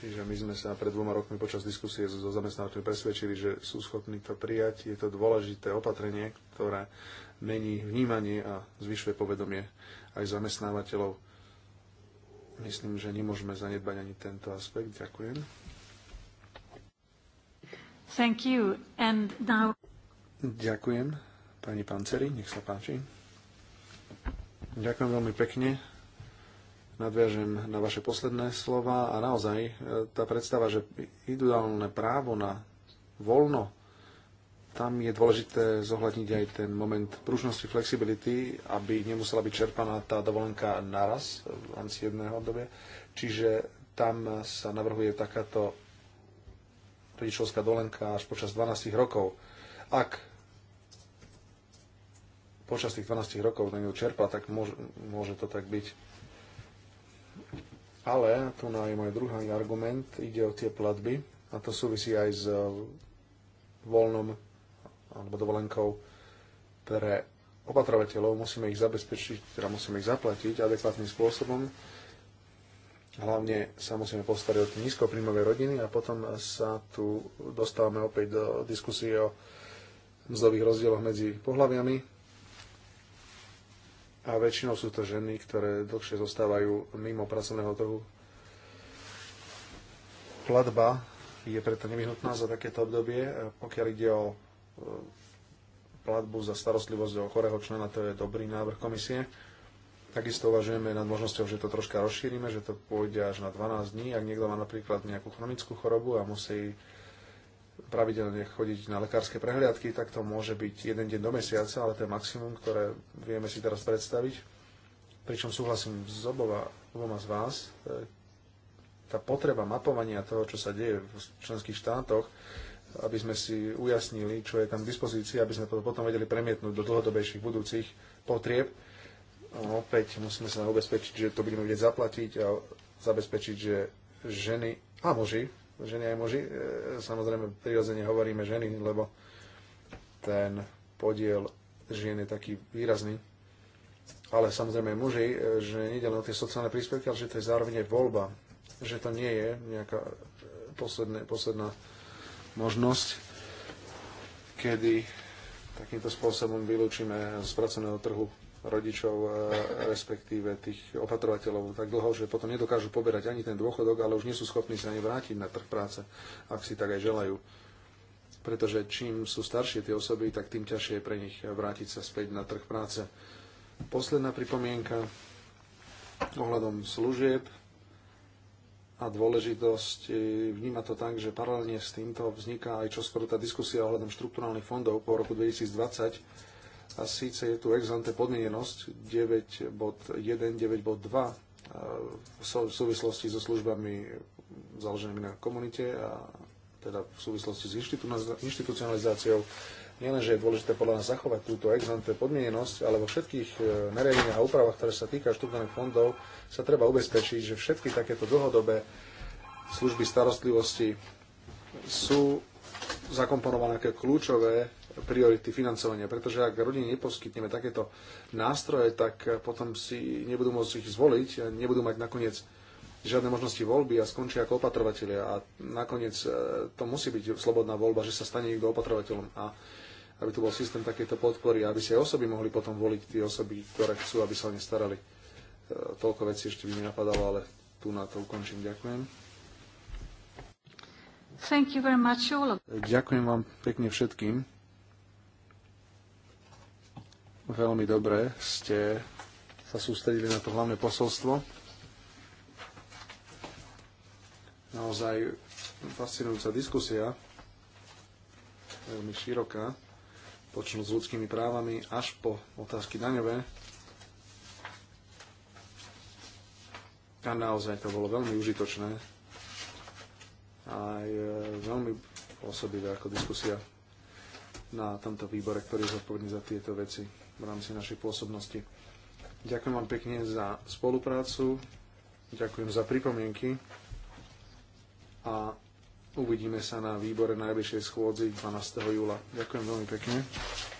Čiže my sme sa pred dvoma rokmi počas diskusie so zamestnávateľmi presvedčili, že sú schopní to prijať. Je to dôležité opatrenie, ktoré mení vnímanie a zvyšuje povedomie aj zamestnávateľov. Myslím, že nemôžeme zanedbať ani tento aspekt. Ďakujem. Thank you. And now... Ďakujem. Pani Panceri, nech sa páči. Ďakujem veľmi pekne. Nadviažem na vaše posledné slova a naozaj e, tá predstava, že individuálne právo na voľno, tam je dôležité zohľadniť aj ten moment pružnosti, flexibility, aby nemusela byť čerpaná tá dovolenka naraz v rámci jedného obdobia. Čiže tam sa navrhuje takáto rodičovská dolenka až počas 12 rokov. Ak počas tých 12 rokov na ňu čerpa, tak môže, môže to tak byť. Ale tu na je môj druhý argument, ide o tie platby a to súvisí aj s eh, voľnom alebo dovolenkou pre opatrovateľov. Musíme ich zabezpečiť, teda musíme ich zaplatiť adekvátnym spôsobom Hlavne sa musíme postarať o nízkoprímové rodiny a potom sa tu dostávame opäť do diskusie o mzdových rozdieloch medzi pohľaviami. A väčšinou sú to ženy, ktoré dlhšie zostávajú mimo pracovného trhu. Platba je preto nevyhnutná za takéto obdobie. Pokiaľ ide o e, platbu za starostlivosť o chorého člena, to je dobrý návrh komisie. Takisto uvažujeme nad možnosťou, že to troška rozšírime, že to pôjde až na 12 dní. Ak niekto má napríklad nejakú chronickú chorobu a musí pravidelne chodiť na lekárske prehliadky, tak to môže byť jeden deň do mesiaca, ale to je maximum, ktoré vieme si teraz predstaviť. Pričom súhlasím s oboma, oboma z vás, e, tá potreba mapovania toho, čo sa deje v členských štátoch, aby sme si ujasnili, čo je tam k dispozícii, aby sme to potom vedeli premietnúť do dlhodobejších budúcich potrieb, opäť musíme sa ubezpečiť, že to budeme vedieť zaplatiť a zabezpečiť, že ženy a muži, ženy aj muži, e, samozrejme prirodzene hovoríme ženy, lebo ten podiel žien je taký výrazný. Ale samozrejme muži, e, že nejde len o tie sociálne príspevky, ale že to je zároveň aj voľba. Že to nie je nejaká e, posledné, posledná možnosť, kedy takýmto spôsobom vylúčime z pracovného trhu rodičov, respektíve tých opatrovateľov tak dlho, že potom nedokážu poberať ani ten dôchodok, ale už nie sú schopní sa ani vrátiť na trh práce, ak si tak aj želajú. Pretože čím sú staršie tie osoby, tak tým ťažšie je pre nich vrátiť sa späť na trh práce. Posledná pripomienka ohľadom služieb a dôležitosť. Vníma to tak, že paralelne s týmto vzniká aj čoskoro tá diskusia ohľadom štrukturálnych fondov po roku 2020 a síce je tu ex ante podmienenosť 9.1.9.2 v súvislosti so službami založenými na komunite a teda v súvislosti s inštitucionalizáciou. Nielenže je dôležité podľa nás zachovať túto ex ante podmienenosť, ale vo všetkých e, nariadeniach a úpravách, ktoré sa týka štruktúrnych fondov, sa treba ubezpečiť, že všetky takéto dlhodobé služby starostlivosti sú zakomponované ako kľúčové priority financovania, pretože ak rodine neposkytneme takéto nástroje, tak potom si nebudú môcť ich zvoliť, a nebudú mať nakoniec žiadne možnosti voľby a skončia ako opatrovateľia. A nakoniec e, to musí byť slobodná voľba, že sa stane niekto opatrovateľom. A aby tu bol systém takéto podpory, aby si aj osoby mohli potom voliť tie osoby, ktoré chcú, aby sa o ne starali. E, toľko vecí ešte by mi napadalo, ale tu na to ukončím. Ďakujem. Thank you very much, Ďakujem vám pekne všetkým. Veľmi dobre ste sa sústredili na to hlavné posolstvo. Naozaj fascinujúca diskusia, veľmi široká, počnú s ľudskými právami až po otázky daňové. A naozaj to bolo veľmi užitočné. Aj e, veľmi osobitá ako diskusia na tomto výbore, ktorý je zodpovedný za tieto veci v rámci našej pôsobnosti. Ďakujem vám pekne za spoluprácu, ďakujem za pripomienky a uvidíme sa na výbore najbližšej schôdzi 12. júla. Ďakujem veľmi pekne.